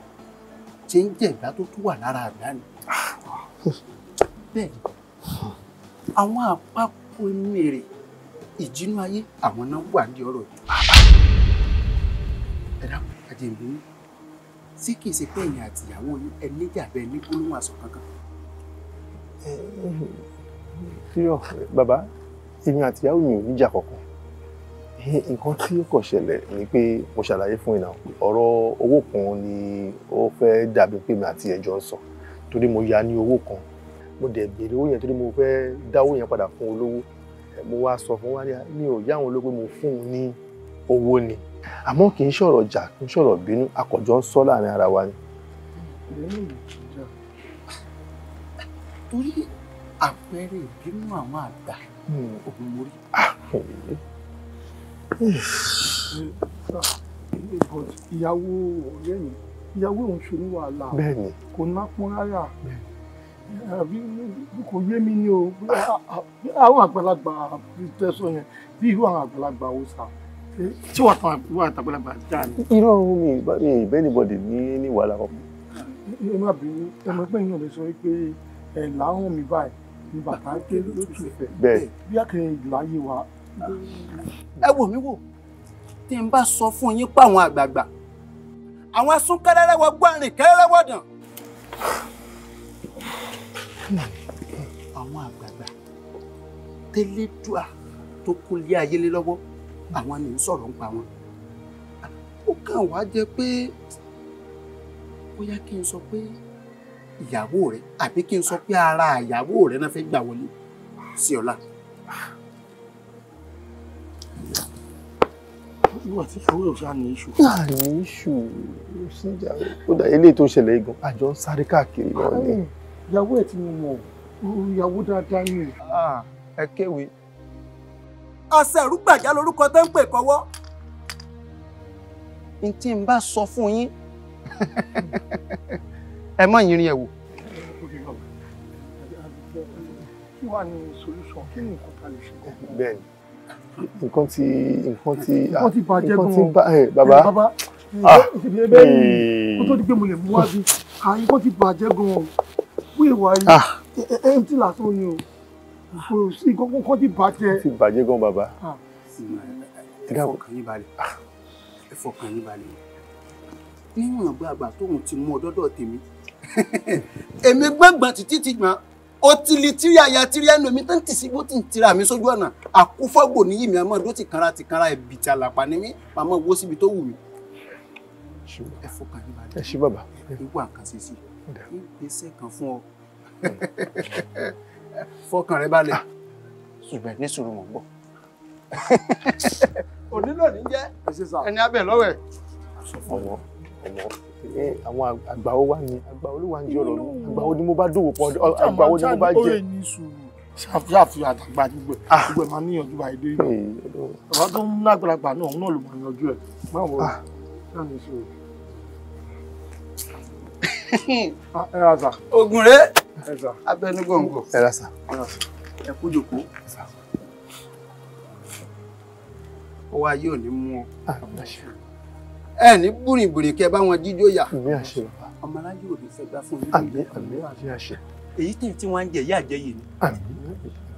tí ń tó tún wà bẹ́ẹ̀ àwọn àpapọ̀ inú èrè ìjínú ayé àwọn náà wà ní ọ̀rọ̀ yìí. ẹ dákun àjẹmí ṣé kìí ṣe pé ẹ̀yin àtìyàwó yín ẹ níjà bẹ́ẹ̀ ní gbólóhùn àṣọ kankan. fíọ bàbá èmi àtìyàwó mi ò níjà kankan nǹkan tí ó ṣẹlẹ̀ ni pé mo ṣàlàyé fún ìnáwó ọ̀rọ̀ owó kan ni ó fẹ́ dàbí pé mi àti ẹjọ́ sọ. So torí mo ya ní owó kan mo dẹ̀ béèrè owó yẹn torí mo fẹ́ dáwó yẹn padà fún olówó mo wá sọ fún wa ní ò yá àwọn olówó mo fún un ní owó ni àmọ́ kì í ṣọ̀rọ̀ jà kì í ṣọ̀rọ̀ bínú akọ̀jọ́ ń sọ láàrin ara wa ni. torí àpẹẹrẹ ìbínú àwọn àgbà hmm. òun mo rí. Ah, eh, eh, ìyàwó ọ̀rẹ́ mi ìyàwó òun ṣe ní wàhálà bẹ́ẹ̀ni kò ná pọn rárá àbí kò yé mi ní o àwọn àgbàlagbà tẹsán yẹn bí irú àwọn àgbàlagbà wo sá tí wà àtàgbàlagbà já ni. irọ́ mi mi ìbẹ́nibọ̀dì ní ní wàhálà kankan. ẹ má bínú ẹ mọ̀ pé èèyàn lè sọ pé ẹ̀ làwọn mi báyìí ni bàtà ké lótú ìfẹ́ bẹ́ẹ̀ bí àkèrè láyé wa. ẹ wò mí wò tí n bá sọ fún yín pàwọn àgbààgbà àwọn asúnkẹ́lẹ́lẹ́wọ̀ gbọ́nrin kẹ́lẹ́lẹ́wọ̀ dàn. àwọn àgbààgbà tẹ́lẹ́dùà tó kún lé ayé lọ́wọ́ àwọn ni ń sọ̀rọ̀ ń pa wọn. ó kàn wá jẹ pé ó yá kí n sọ pé ìyàwó rẹ àbí kí n sọ pé ara ìyàwó rẹ náà fẹ́ gbà wọlé sí ọ̀la. ìwà tí ìyàwó ẹ̀ ò ṣáà ní iṣu. láàrin iṣu síjà ó dà ilé tó ṣẹlẹ̀ igun àjọ ń sáré káàkiri náà ni. ìyàwó ẹ̀ tí mo mọ̀ ìyàwó dáadáa ni. ẹ kéwì. àṣàrúgbàjá lorúkọ tó ń pè kọ́wọ́. n tí n bá sọ fún yín ẹ mọ ìyìnrín ẹ wò. kí wàá ní solution kí ni nǹkan ta lè ṣe nǹkan ti nǹkan ti ah, nǹkan ti bàjẹ́ gan nǹkan ti bá ẹ eh, bàbá ìṣèlú ẹgbẹ́ yìí kó tó di pé mo lè mú wá bí ah, nǹkan ti bàjẹ́ gan wíwá yìí ẹ ẹ ti làásán yìí o kò sí nǹkan ti bàjẹ́. ti bàjẹ́ gan bàbá. Ah. ẹ fọkàn yín balẹ̀ ẹ fọkàn yín balẹ̀ níwọ̀n gbàgbà tóun ti mú ọ dọ́dọ̀ tèmi èmi gbàgbà títí ti gbà ó ti li tí àyà tí rí ẹnu mi tó ń tì sí bó ti ń tira mi sójú ọ̀nà àkúfọ́gbò ní yìí mi ọmọ ìdó ti kanra ti kanra ẹ̀bì ti àlàpà ni mí màmá owó síbi tó wù mí. ẹ fọkàn ní bàbá ẹ ṣí bàbá ìwà kan ṣe sí ìgbésẹ̀ kan fún ọ fọkàn rẹ balẹ̀ ah. ṣùgbọ́n ní sùúrù mọ̀ ń bọ̀. onílò ní jẹ́ ẹni abẹ lọ́wọ́ ẹ̀. ọwọ́ ọwọ́ àwọn àgbàwo wà ní àgbàwo ló wà ní ọ̀rọ̀ mi àgbàwo ni mo bá dòwò pọ̀ àgbàwo ni mo bá jẹ. ọ̀rẹ́ ní sùúrù ṣàfihàn àtàgbà gbogbo ẹ̀ ah. gbogbo ẹ̀ máa níyànjú báyìí dé ibà hmm. bàbá tó ń lágbàlagbà náà òun náà ló máa yanjú ẹ̀ má wọ ah. ṣáà ní sùúrù. Ah, ogun rẹ abẹnugọ̀ngọ̀ ẹ ẹ kú jòkó ó wá yóò ní mú ọ ẹ ní búrìnbùrì kẹ bá wọn jíjó yà. àmì àṣẹ bàbá. ọmọláyé ò ní fẹ́ gbá fún yín. àmì àmì àṣẹ àṣẹ. èyí tẹ̀ tí wọ́n ń jẹ yá jẹyè ni. àmì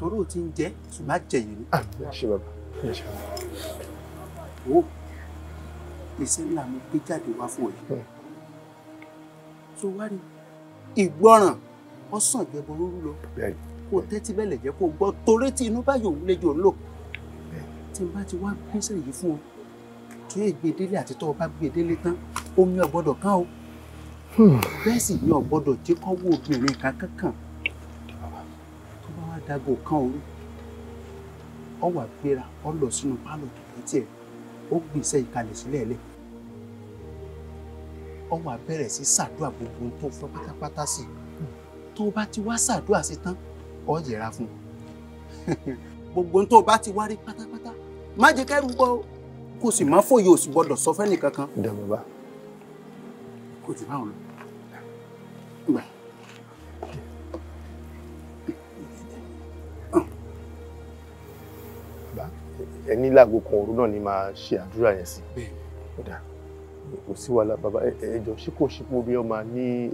torí o ti ń jẹ ṣùgbọ́n àjẹyè ni. àmì àṣẹ bàbá. o iṣẹ́ ńlá mi gbé jáde wá fún ẹ. tó wá rí ìgbọràn ọ̀sán ìjẹ́bọ rúrú lọ kó tẹ́tí bẹ́ẹ̀ lẹ̀ jẹ́ kó gbọ́ torí tí inú báyọ̀ òun lè jọ ń lò tí n bá ti wá gbéṣẹ́ yìí fún ọ tún ègbè délé àti tó o bá gbé délé tán omi ò gbọ́dọ̀ kán o bẹ́ẹ̀ sì ni ò gbọ́dọ̀ jẹ́ wo obìnrin kan kankan tó bá wá dago kan òru ọ wà gbéra ọ lọ sínú pálọ̀ tó bá tiẹ̀ ó gbèsè ìkalẹ̀ sílẹ̀ lẹ̀ ọ wà bẹ̀rẹ̀ sí ṣàdúrà gbogbo tó fẹ́ pátápátá sí tó bá ti wá ṣàdúrà sí tán ọ yẹra fún gbogbo tó bá ti wá rí pátápátá má jẹ́ kẹ́rù gbọ́ o kò sì má fòye ò sì gbọdọ̀ sọ fẹ́ nìkankan. ǹjẹ́ bàbá. kò jù báwọn lọ. gbà. ẹni láago kan òru náà ni máa ṣe àdúrà yẹn sí. kódà kò sí wàhálà bàbá ẹjọ ṣé kò ṣípò bí ọ máa ní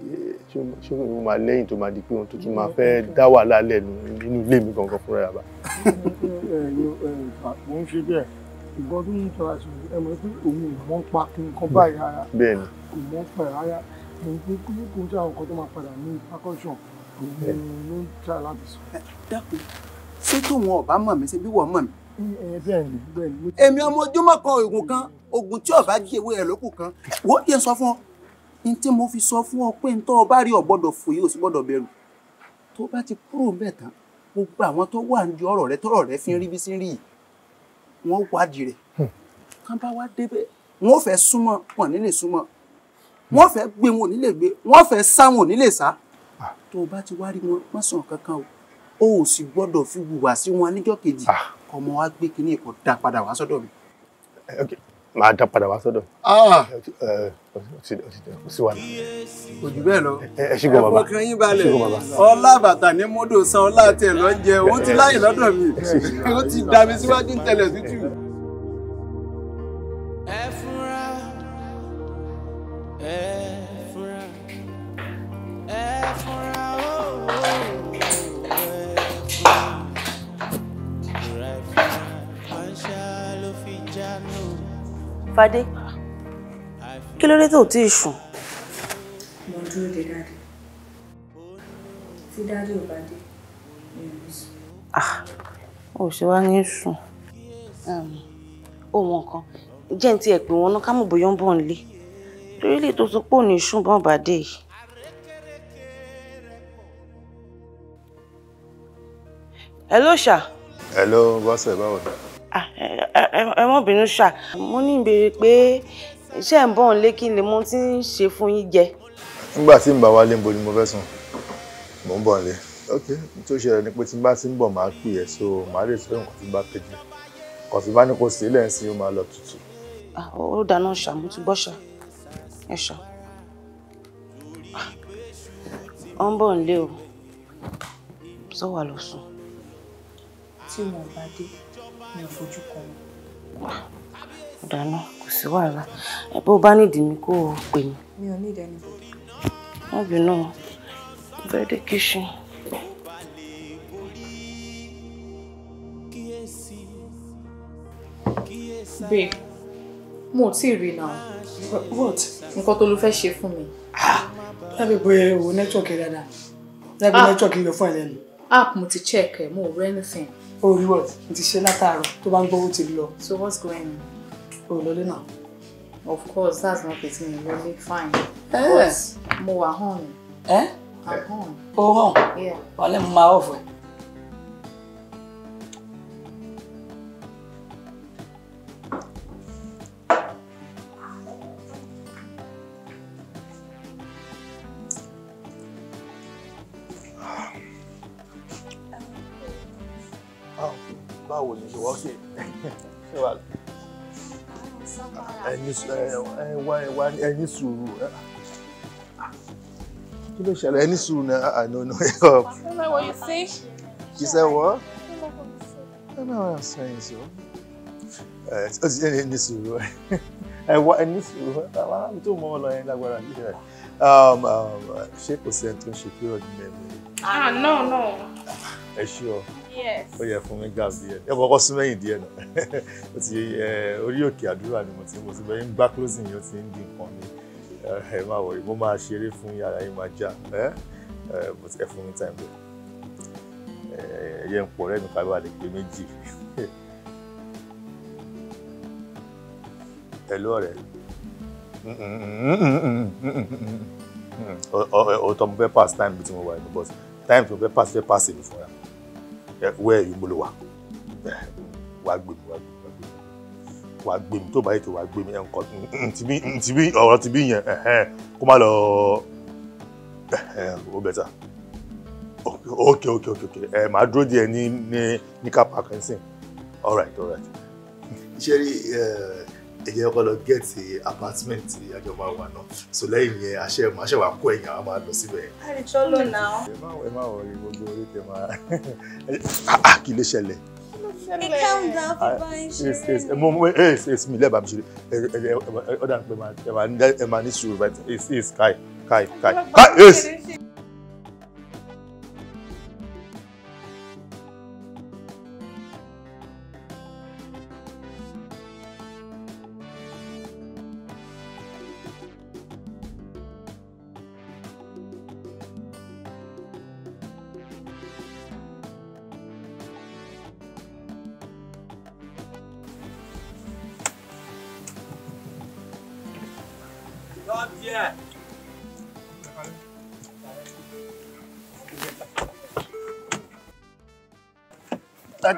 ṣé o máa lẹ́yìn tó máa di pé ohun tuntun máa fẹ́ dá wàhálà lẹ́nu nínú ilé mi gangan fúnra yàrá. mo ń ṣe bẹ́ẹ̀ nǹkan tó ń tọ́ra sí ẹ mọ̀ pé òun ò mọ́ pa nǹkan báyìí rárá kò mọ́ pa rárá ẹ̀yìn pé kí kò ń tẹ àwọn nǹkan tó máa padà ní percussion òun ló ń tà láti sọ. dákun ṣé tóun ọba mọ̀ mí ṣe bí wọ́n mọ̀ mí. èmi ọmọ ojúmọ́ kan oògùn kan oògùn tí ọba jí ewé rẹ̀ lókù kan wọ́n yẹ sọ fún ọ ní tí mo fi sọ fún ọ pé ntọ́ ọba rí ọ̀gbọ́dọ̀ fòye ò sì gbọ́dọ̀ bẹ̀rù tó bá ti kúrò ń bẹ̀ tán gbogbo àwọn tó wà ń di ọ̀rọ̀ rẹ tọ́rọ̀ rẹ fi ń rí bí sí rí yìí wọ́n wádìí rẹ̀ kán hmm. bá wá débẹ̀ wọ́n fẹ́ súnmọ́ wọn nílé súnmọ́ wọ́n fẹ́ gbé wọn nílé gbé wọ́n fẹ́ sá wọn nílé sá ah. tó o bá ti wá rí wọn wọ́n sàn kankan o ò sì gbọ́dọ̀ fi wùwà sí wọn níjọ́ kejì ah. ọmọ wa gbé kínní ìkọ̀ dá padà wá sọ́dọ̀ mi. Eh, máa dá padà wá sọ́dọ̀. Ah. Òjù bẹ́ẹ̀ lọ. Ẹ ṣe gbọ́ bàbá. Ẹ̀fọ́kàn yín balẹ̀. Ọlá bàtà ní mọ́dò san ọlá tiẹ̀ lọ jẹ. Ó ti láyè lọ́dọ̀ mi. Ó ti dà mí síwájú tẹ̀lẹ̀ tútù. Ẹ fúnra, ẹ fúnra, ẹ fúnra. Fadé kí ló dé tó tí ì sùn. mo dúró de dáadé tí dáadé ò bá dé mi ò ní sùn. ò ah, ṣe wá ní sùn ó mọ nǹkan jẹ́ ní tiẹ̀ pé wọn ká mọ̀ bóyá ń bọ̀ nílé torí lè tó sọ pé ní sùn bọ́n bá dé yìí. hello Sha. hello bọ́sẹ̀ báwo ni. ah eh, ẹ mọ̀ bínú ṣá mo ní ìbéèrè pé iṣẹ́ ń bọ̀ ń lé kí n lè mọ tí ń ṣe fún yín jẹ. nígbà tí n bá wálé ń ni mo fẹ́ sùn mò ń bọ̀ ń lé ok tó ṣe rẹ ni pé tí n bá ti ń bọ̀ máa pè ẹ́ so màá lè sọ nǹkan tí n bá pè jù kò tí bá ní kò sí ilẹ̀ ń sin ó máa lọ tutù. ó dáná ṣá mo ti gbọ́ ṣá ẹ ṣá ọ ń bọ̀ ń lé o sọ wà lọ sùn. tí wọn bá dé mi ò fojú kan wọn dáná kò sí wàhálà ẹ bá nídìí mi kó o pè mí. mi ò ní ìdí ẹni. bí náà bẹẹdẹ kíṣìn. babe mo ò tí ì rí náà. what. nǹkan tó ló fẹ́ ṣe fún mi. lábẹ́ bóyá o nẹ́tíwọ̀kì dáadáa lábẹ́ nẹ́tíwọ̀kì lọ fún ẹ̀ lẹ́nu. app ah! mo ti check ẹ̀ mo ò rí anything o rí what n ti ṣe látàárọ̀ tó bá ń gbọ́ ó so what's going on. Oh, lọlé náà. of course that's not the thing lọlé fine. Eh. but mo home. Eh? ẹ. home. Oh home. Yeah. wàhálà mo máa ọ̀fọ̀ ẹ̀. ẹ sùúrù kí ló ṣẹlẹ̀ ẹ sùúrù náà i don't know help. Mama, what you say? she said what? I don't know what I'm saying so. ó ti ṣe ní sùúrù ẹ wá ẹ ní sùúrù àwọn àmì tó mọ ọ lọ yẹn lágbára yìí rẹ um, um, ṣé kò sí ẹni tó ń ṣe period mẹ́rin. ah no no. ẹ ṣí ọ. Yes. yẹ fún mi gà bí ẹ ẹ kọ́kọ́ sún mẹ́yìn díẹ̀ náà ó ti orí òkè àdúrà ni mo ti mo ti bẹ ń gbá closing yóò ti ń di nǹkan mi ẹ má wọrí mo máa ṣeré fún yàrá yìí máa já ẹ but ẹ fún mi time bẹ ẹ yẹ ń pọ̀ rẹ́ mi kárí wà lè pé méjì. Hello ọ̀rẹ́ òótọ́ mo fẹ́ pass time bí ti mo wà ní but time tí mo fẹ́ pass fẹ́ pass èmi fúnra mi. Where you mo lè wà wà á gbé mi wà á gbé mi wà á gbé mi tó bá yẹ tó wà á gbé mi ẹ̀ ń kọ́ ti bí ọ̀rọ̀ ti bí yẹn kó má lọ ó bẹ̀ ta ok ok ok ok ẹ máa dúró díẹ̀ ní ní ní car park ẹ̀ sìn all right all right. ṣe rí ẹ ẹ jẹ́ kọ́ lọ gẹ́ẹ̀tì apartment àjọ máa wà náà so lẹ́yìn yẹn àṣẹ àṣẹ wàá kó ẹ̀yìn àwọn máa lọ síbẹ̀. àrìjọ lò náà. ẹ má ẹ má wọrí gbogbo orí tẹ máa kí ló ṣẹlẹ̀. ẹ calm down fún báyìí ṣe. ẹ mi lẹ́ẹ̀bà mi ṣe ọ̀dà pé ẹ máa ní sùúrù báyìí ẹ káì káì káì káì.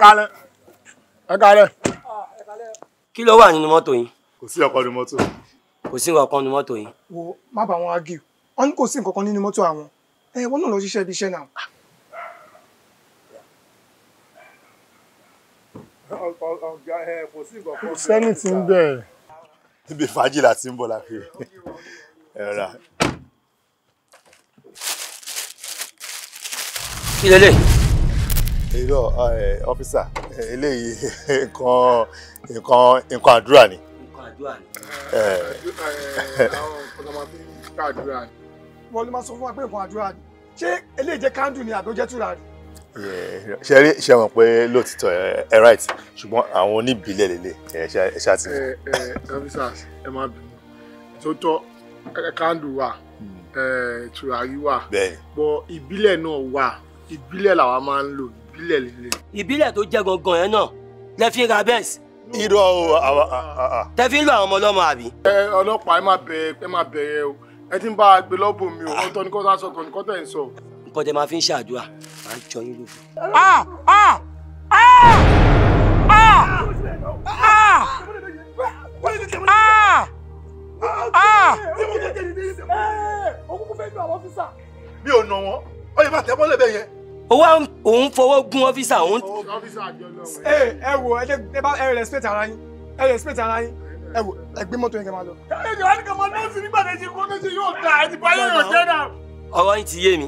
kalẹ̀ ẹ kalẹ̀. kí ló wà nínú mọ́tò yín. kò sí ọkọ nínú mọ́tò. kò sí ọkọ nínú mọ́tò yín. wo má bá wọn argue wọn ní kò sí nǹkan kan nínú mọ́tò àwọn ẹ wọn náà lọ ṣiṣẹ́ ibi iṣẹ́ náà. kò sẹ́ni tí ń bẹ̀. ibi fàájì la ti ń bọ̀ láfi ẹ̀rọ rà. kí lélẹ̀ irọ́ ọ́fíìsà eh, eh, eléyìí nǹkan nǹkan nǹkan àdúrà ni. nǹkan àdúrà ni. Eh. àwọn ọ̀pọ̀lọpọ̀ máa fi nǹkan àdúrà ni. wọ́n ló máa sọ fún wa pé nǹkan àdúrà ni ṣé eléyìí jẹ́ kándù ni àbí ó jẹ́ túra ni. ṣe rí ṣe mọ̀ pé lóòtítọ́ ẹ right ṣùgbọ́n àwọn oníbílẹ̀ lélẹ̀ ẹ ṣáà ti. ọ́fíìsà ẹ máa bínú tó tọ́ kándù wà hmm. tùràrí wà bọ́ ìbílẹ̀ náà wà ìbílẹ̀ làwa máa ń lò ní ìbílẹ̀ lélẹ̀. ìbílẹ̀ tó jẹ́ gangan yẹn náà lẹ fi irọ́ o àwa. tẹ fi àwọn ọmọ ọlọ́mọ àbí. ẹ ọlọ́pàá ẹ má bẹ̀rẹ̀ ẹ má bẹ̀rẹ̀ o ẹ ti ń bá a gbé lọ́bù mi o ah. ọ̀tọ̀ ni kọ́tà sọ̀tọ̀ ni kọ́tà ẹ̀ ń sọ. nǹkan tẹ máa fi ń ṣàdúrà máa ń jọ yín lójú. ah ah ah ah ah ah ah. mi ò nà wọ́n ó bá tẹ́ bọ́lẹ̀ yẹn o o òun òun fọwọ́ gún o òun. ẹ ẹ wo ẹ bá ẹ respect ara yín ẹ respect ara yín ẹ wo ẹ gbé mọ́tò yẹn kẹ́ máa lọ. ẹ jọ wani kama nọọsi nígbà tí kò tó ṣe yóò ta ẹni bá yóò jẹ náà. ọ̀rọ̀ yín ti yé mi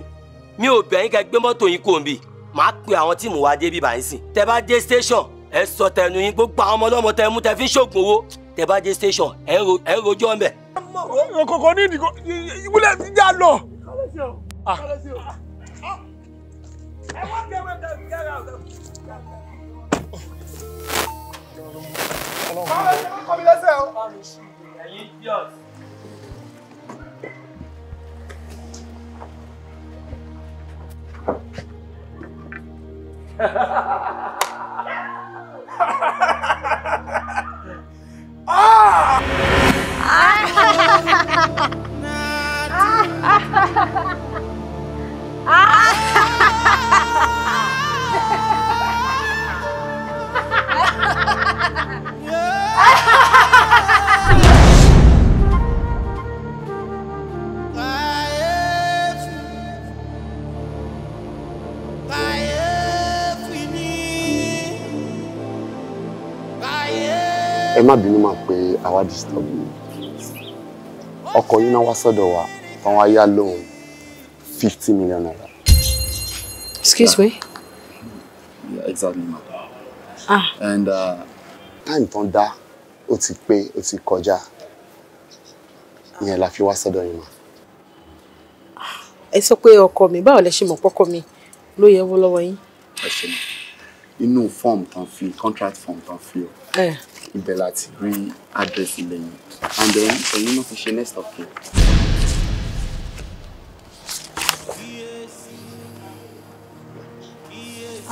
mi ò bẹ̀ yín ká gbé mọ́tò yín kò ń bì màá pe àwọn tí mò ń wá dé bíbá yín sìn. tẹ bá dé station ẹ sọ tẹnu yín gbogbo àwọn ọmọlọ́mọ tẹ mú tẹ fi ń ṣoògùn owó tẹ bá dé station ẹ rojọ́ ń bẹ̀. kòkòrò ní ìdìgbò ìwúlẹ̀ ti já lọ. Báwo ni kò mi lẹ́sẹ̀ o? Ẹ̀yin idiot. ah! ah! ah! ah! ẹ má bínú mà pé àwa disturb ọkọ yín náà wá sọ́dọ̀ wa fáwọn ayá lóhun fifty million naira. excuse me. Yeah, exactly ma. ah and. Uh, time tán dá ó ti pé ó ti kọjá ìyẹn la fi wá sọ́dọ̀ yín mà. ẹ sọ pé ọkọ mi báwo lẹ ṣe mọ̀ pọ́kọ mi ló yẹ wọ́ lọ́wọ́ yín. ẹ ṣe inú fọ́ọ̀mù tán fi contract fọ́ọ̀mù tán fi o ibẹ̀ láti rí address ilẹ̀ and then ẹ̀yin náà fi ṣe next of kin.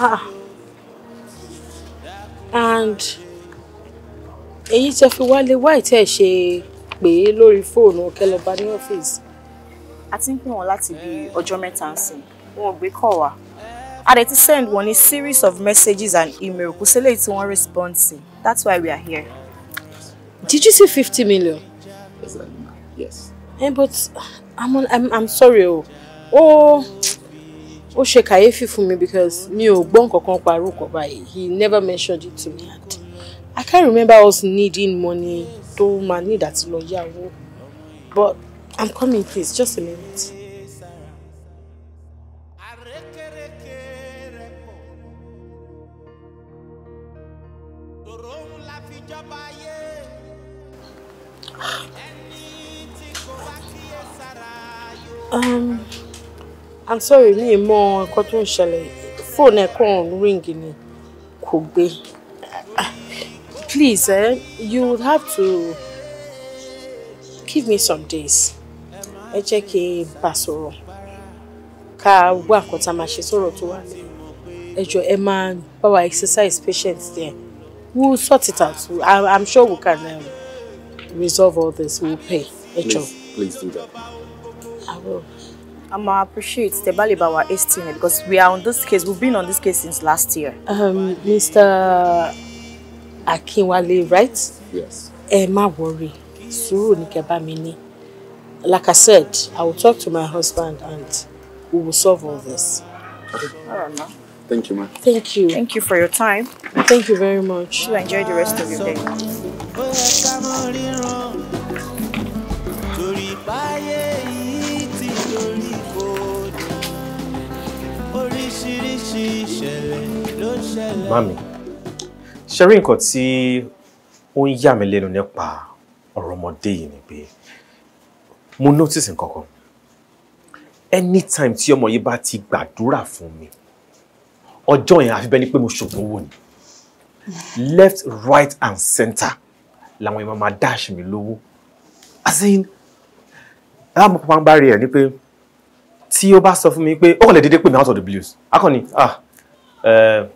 ah and èyí tẹ fi wálé wáì tẹ ṣe pè é lórí fóònù ọkẹlọba ní ọ́fíìsì. a ti ń pè wọn láti bí ọjọ́ mẹ́ta ń sìn wọn ò gbé kọ̀ wá a dẹ̀ ti send wọn ní series of messages and email kò sí léyìí tí wọ́n respond sí that's why we are here. did you see fifty million. yes. Hey, eh, but i'm on, i'm i'm sorry Oh, o ó ṣe kàyéfì fún mi because mi ò gbọ́ nǹkan kan parọ́ he never mentioned it to me and i can't remember us needing money tó money need lawyer. but i'm coming please just a minute. Um, I'm sorry, mi mọ nǹkan tó phone a call ringing? kàn ring Please, eh, you would have to give me some days. I check kí n bá work Ká wá nǹkan tá a máa ṣe sọ̀rọ̀ tó wà lẹ́yìn. Ẹ jọ̀ọ́ exercise patience there. We'll sort it out. I'm sure we can um, resolve all this. We'll pay. Please, please do that. i Um, I appreciate Tebaliba were estimated because we are on this case. We've been on this case since last year. Um, Mr. Akinwale, right? Yes. Ẹ má worry. Sùúrù ni kẹ́ bá Like I said, I will talk to my husband and we will solve all this. Thank you, ma'am. Thank you. Thank you for your time. Thank you very much. You enjoy the rest of your day. Mami, ṣe rí nǹkan tí ó ń yà mí lẹ́nu nípa ọ̀rọ̀ ọmọdé yìí ni pé mo notice nǹkan kan. Anytime tí ọmọ yìí bá ti gbàdúrà fún mi, ọjọ́ yẹn àfi bẹ́ẹ̀ pé mo ṣògùn owó ni. Left, right and center làwọn èèyàn máa dáṣì mi lówó. As in, aláàmú pàpà ń bá rí ẹ̀ ni pé tí ó bá sọ fún mi pé ó kàn lè dédé pè mí out of the blues akọni ah ẹ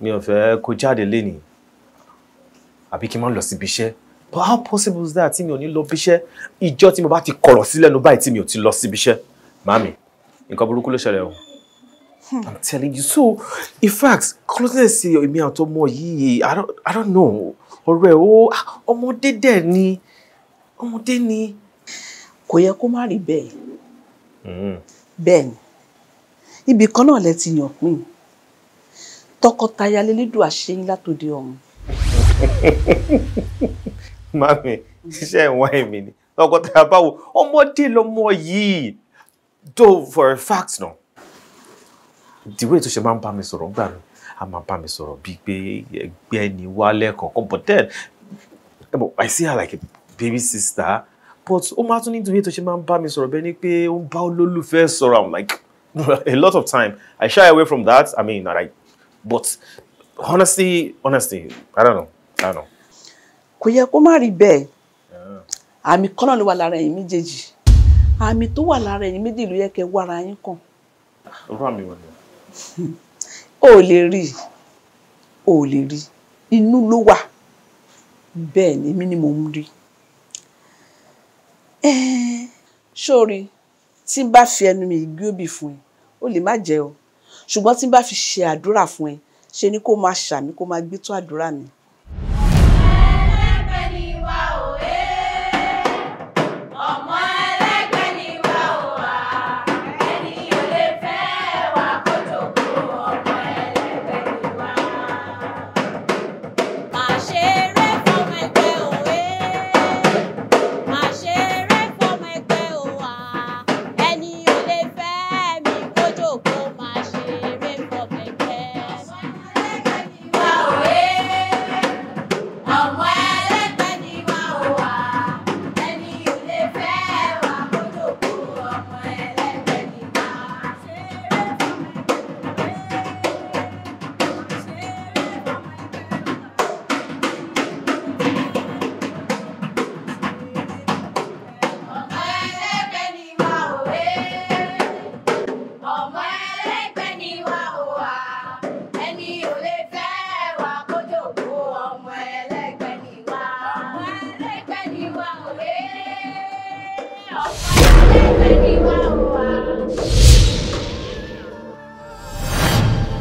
mi ò fẹ́ kó jáde lénìí àbí kí n má lọ síbi iṣẹ́ but how possible is that tí mi ò ní lọ bí iṣẹ́ ìjọ́ tí mo bá ti kọ̀rọ̀ sí lẹ́nu báyìí tí mi ò ti lọ síbi iṣẹ́ màmí nǹkan burúkú ló ṣẹlẹ̀ o. Hmm. I'm telling you so in fact closeness èmi àtọmọ yìí I don't, I don't know ọ̀rẹ́ o ah, ọmọdé dẹ̀ ni ọmọdé ni. kò yẹ kó má rí bẹ́ẹ̀. Hmm bẹ́ẹ̀ ni ibì kan náà lẹ ti yàn pín tọkọtaya lélẹ́dùn àṣeyín látòde ọ̀run. mami iṣẹ́ ìwá èmi ni tọkọtaya báwo ọmọdé lọmọ yìí do for a fact náà the way tó ṣe máa ń bá mi sọ̀rọ̀ ń gbà mí a máa bá mi sọ̀rọ̀ bíi pé ẹgbẹ́ ni wálé kọ̀ọ̀kan but then I see her like a baby sister but ó máa tún nítorí tó ṣe máa ń bá mi sọ̀rọ̀ bẹ́ẹ̀ ni pé ó ń bá olólùfẹ́ sọ̀rọ̀ i'm like a lot of time i shy away from that i mean i but honestly honestly i don't know i don't know. kò yẹ kó má rí bẹ́ẹ̀ àmì kọ́nà ni wà lára ẹ̀yin méjèèjì àmì tó wà lára ẹ̀yin méjèèjì ló yẹ kẹ́ wára yín kàn. irú àmì wo ni. o lè rí o lè rí inú ló wà bẹ́ẹ̀ ni mí ni mò ń rí ṣóore tí n bá fi ẹnu mi gbé òbí fún ẹ ó lè má jẹ o ṣùgbọ́n tí n bá fi ṣe àdúrà fún ẹ ṣe ni kó máa ṣàmì kó máa gbé tó àdúrà mi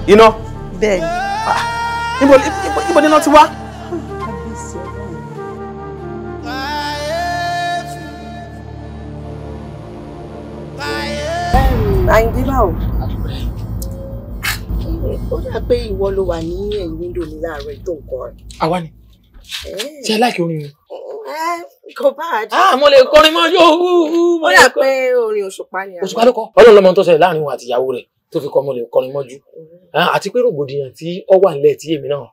Ah, iná. bẹ́ẹ̀ni. ibo ibo níná ti wá. àyìndé báwo. ó dà pé ìwọ ló wà ní ẹ̀yìn wíńdò mi láàárọ̀ ètò nǹkan rẹ̀. àwa ni eh. ṣe láìkí orin mi. Eh, kò bá a jẹ́. àmọ́ ah, lè kọrin mọ́ yóò wú. ó dà pé orin òṣùpá ni. òṣùpá ló kọ ọlọ́run lọ́mọ tó ṣẹlẹ̀ láàrin òun àti ìyàwó rẹ̀ tó fi kọ́ ọmọ lè kọrin mọ́jú àti pé rògbòdìyàn tí ó wà nílẹ̀ tí èmi náà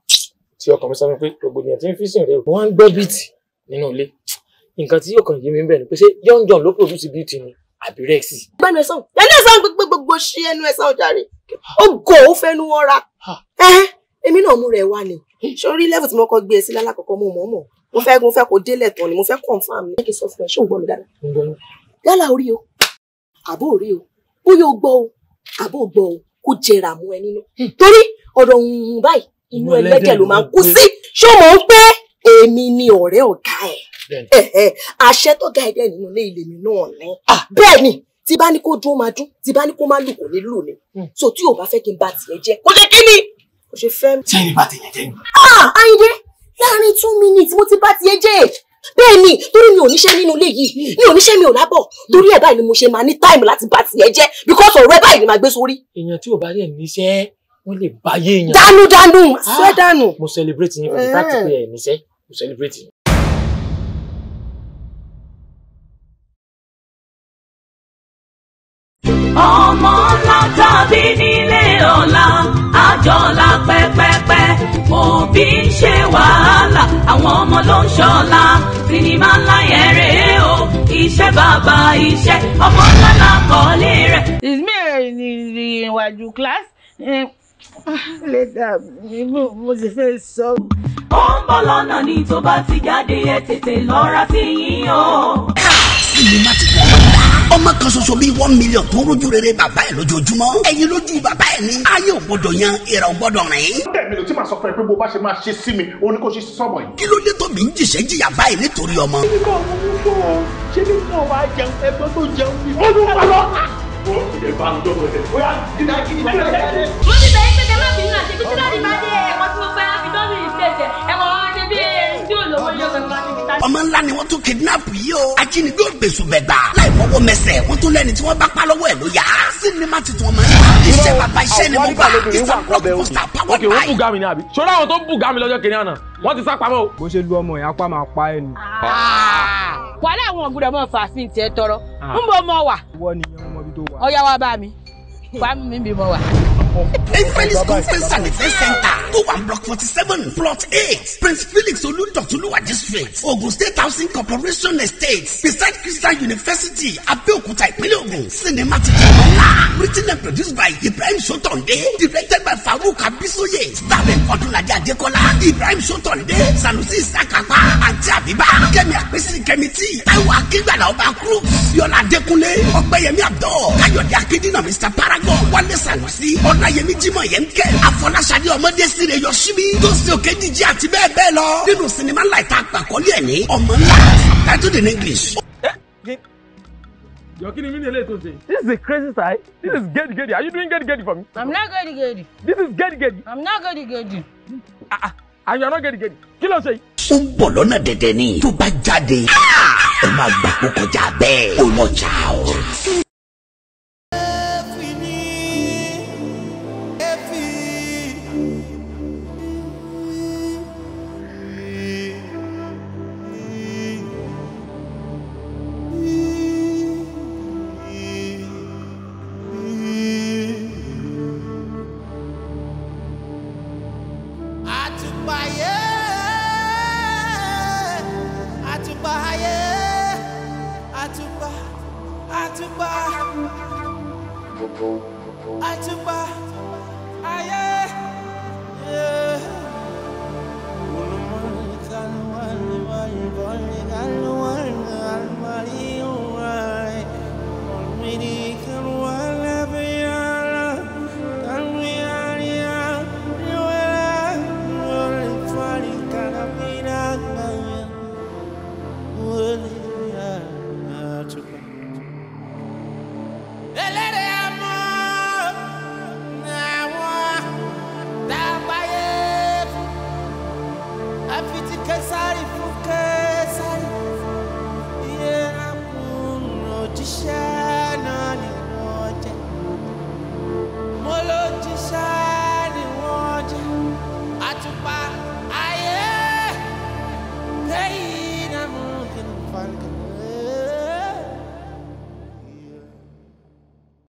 tí ọkàn mi sọ pé rògbòdìyàn tí ń fi sìn rẹ wọn ń gbọ́ bíìtì nínú ilé nǹkan tí yóò kàn mi bẹ́ẹ̀ ni pé ṣé young john ló produce bíìtì ni àbí rẹ́ẹ̀sì. ẹnu ẹ̀sán ẹnu ẹ̀sán gbogbo ṣí ẹnu ẹ̀sán ọjà rẹ̀ ó gò ó fẹnu wọn ra èmi náà mú rẹ̀ wá ni sórí level tí mo kọ́ gbé e sí lálákọ̀ọ́kọ́ mo mọ̀ mọ̀ mo fẹ́ mo fẹ́ kó délẹ̀ tán ni mo fẹ́ confirm mi. kí n sọ fún ẹ ṣé o gbọ́ àbọ̀ gbọ́ o kó jẹrà mú ẹ nínú hmm. torí ọ̀rọ̀ òun báyìí inú ẹlẹ́dẹ̀ ló máa ń kú sí ṣé mo ń pé èmi ni ọ̀rẹ́ ọ̀gá ẹ̀ àṣẹ tó ga ẹ̀dẹ̀ nínú ilé ilé mi náà ni ah. bẹ́ẹ̀ ni tí bá ní kó dún máa dún tí bá ní kó má lù kò ní lù ni hmm. so tí o bá fẹ́ kí n ba tiẹ̀ jẹ́ kó jẹ́ kí ni kò ṣe fẹ́. sẹ́yìn bá tiẹ̀ jẹ́ ni. Àyìndé ah, láàrin two minutes mo ti bá tiẹ̀ jẹ́ bẹ́ẹ̀ ni torí mi ò níṣẹ́ nínú ilé yìí mi ò níṣẹ́ mi ò lábọ̀ torí ẹ̀ báyìí ni mo ṣe máa ní táìmù láti bá tiẹ̀ jẹ́ because ọ̀rọ̀ ẹ̀ báyìí ni màá gbé sórí. èèyàn tí ò bá rẹ̀ níṣẹ́ wọ́n lè bá yé èèyàn. dánú dánú ah, sẹ́ dánú. mo celebrate yín fún mi láti pé ẹ̀ eh. níṣẹ́ mo celebrate yín. ọmọ ńlá tàbí nílé ọ̀la àjọlá pẹ́pẹ́pẹ́ òbí ń ṣe wàhálà àwọn ọmọ ló ń ṣọlá sinimá ńlá yẹn rèé o iṣẹ́ bàbá iṣẹ́ ọmọ ńlá la kọ́lé rẹ̀. ismail ni ìrìnwájú class eh, later mo sì fẹ́ sọ. ó ń bọ̀ lọ́nà ni tó bá ti jáde ẹ tètè lọ́ra sí yín o. sinimá ti ọmọ kan ṣoṣo bíi one million tó rójú rere bàbá ẹ̀ lójoojúmọ́ ẹ̀yin lójú bàbá ẹ̀ ni ayé ò gbọ́dọ̀ yan ìrà ò gbọ́dọ̀ rìn. bẹ́ẹ̀ mi ló ti máa sọ fún ẹ pé bó bá ṣe máa ṣe sí mi o ní kó ṣe sọ́mọ yìí. kí ló dé tó mi ń jìṣẹ́ jìyà báyìí nítorí ọmọ. ṣé nígbà wo ń bọ̀ ṣé nígbà wo á jẹun ẹgbẹ́ tó jẹun bí. ó ló ń bá lọ. ó lè bá ọmọ ńlá ni wọ́n tún kidnap yìí o ajínigbé ò gbèsùbẹ̀gbà láì fọwọ́ mẹsẹ̀ wọ́n tún lẹ́ni tí wọ́n bá pa lọ́wọ́ ẹ̀ ló yá sinima ti tún ọmọ ẹ̀ iṣẹ́ bàbá iṣẹ́ ni mo bá iṣẹ́ blockbuster power by. wọ́n bùgá mi ní àbí ṣọlá àwọn tó bùgá mi lọ́jọ́ kìnìún àná wọ́n ti sá pamọ́ o. bó ṣe lu ọmọ yẹn apá máa pa ẹ nù. Ah. wàhálà àwọn ògùdà mọ fàáfin tiẹ tọrọ ah. ń bọ ọmọ wà. wọ́n ní ọmọ ibi tó wà. ọ̀yá wa evangelist conference and event center tó wà block forty seven plot eight prince felix olùdọ̀túnlúwà district ogun state housing corporation estate beside christian university abẹ́òkúta ìpínlẹ̀ ogun sinimá ti jẹ́ written and produced by ibrahim sotonde directed by farouk abisoye starring ọdúnladé adékọlá ibrahim sotonde sanusi sakapa àti abiba kẹmi àpèsè kẹmi tí táwọn akíngbàlà ọba cruz yọlá adékúnlé ọgbẹyẹmí abdul káyọ̀dé akíndínà mr paragon wálé sanusi ọ̀nà ọláyẹmí jímọ̀ yẹn ń kẹ́ àfọláṣadé ọmọdé síre yọ síbí tó ṣe òkè jíjí àti bẹ́ẹ̀ bẹ́ẹ̀ lọ nínú sinimá láìta àgbàkọ́lé ẹ̀ ní ọmọ ńlá titled in english. Your kidney really late today. This is a crazy side. This hmm. is get getty. Are you doing get getty for me? I'm not gedi getty. This is get getty. I'm not gedi getty. Ah ah, I'm not gedi getty. Kí ló ṣe Ó ń bọ̀ lọ́nà dẹ̀dẹ̀ ni tó bá jáde. Ah! Ẹ máa gbàgbọ́ kọjá bẹ́ẹ̀. Ó lọ jà ọ́.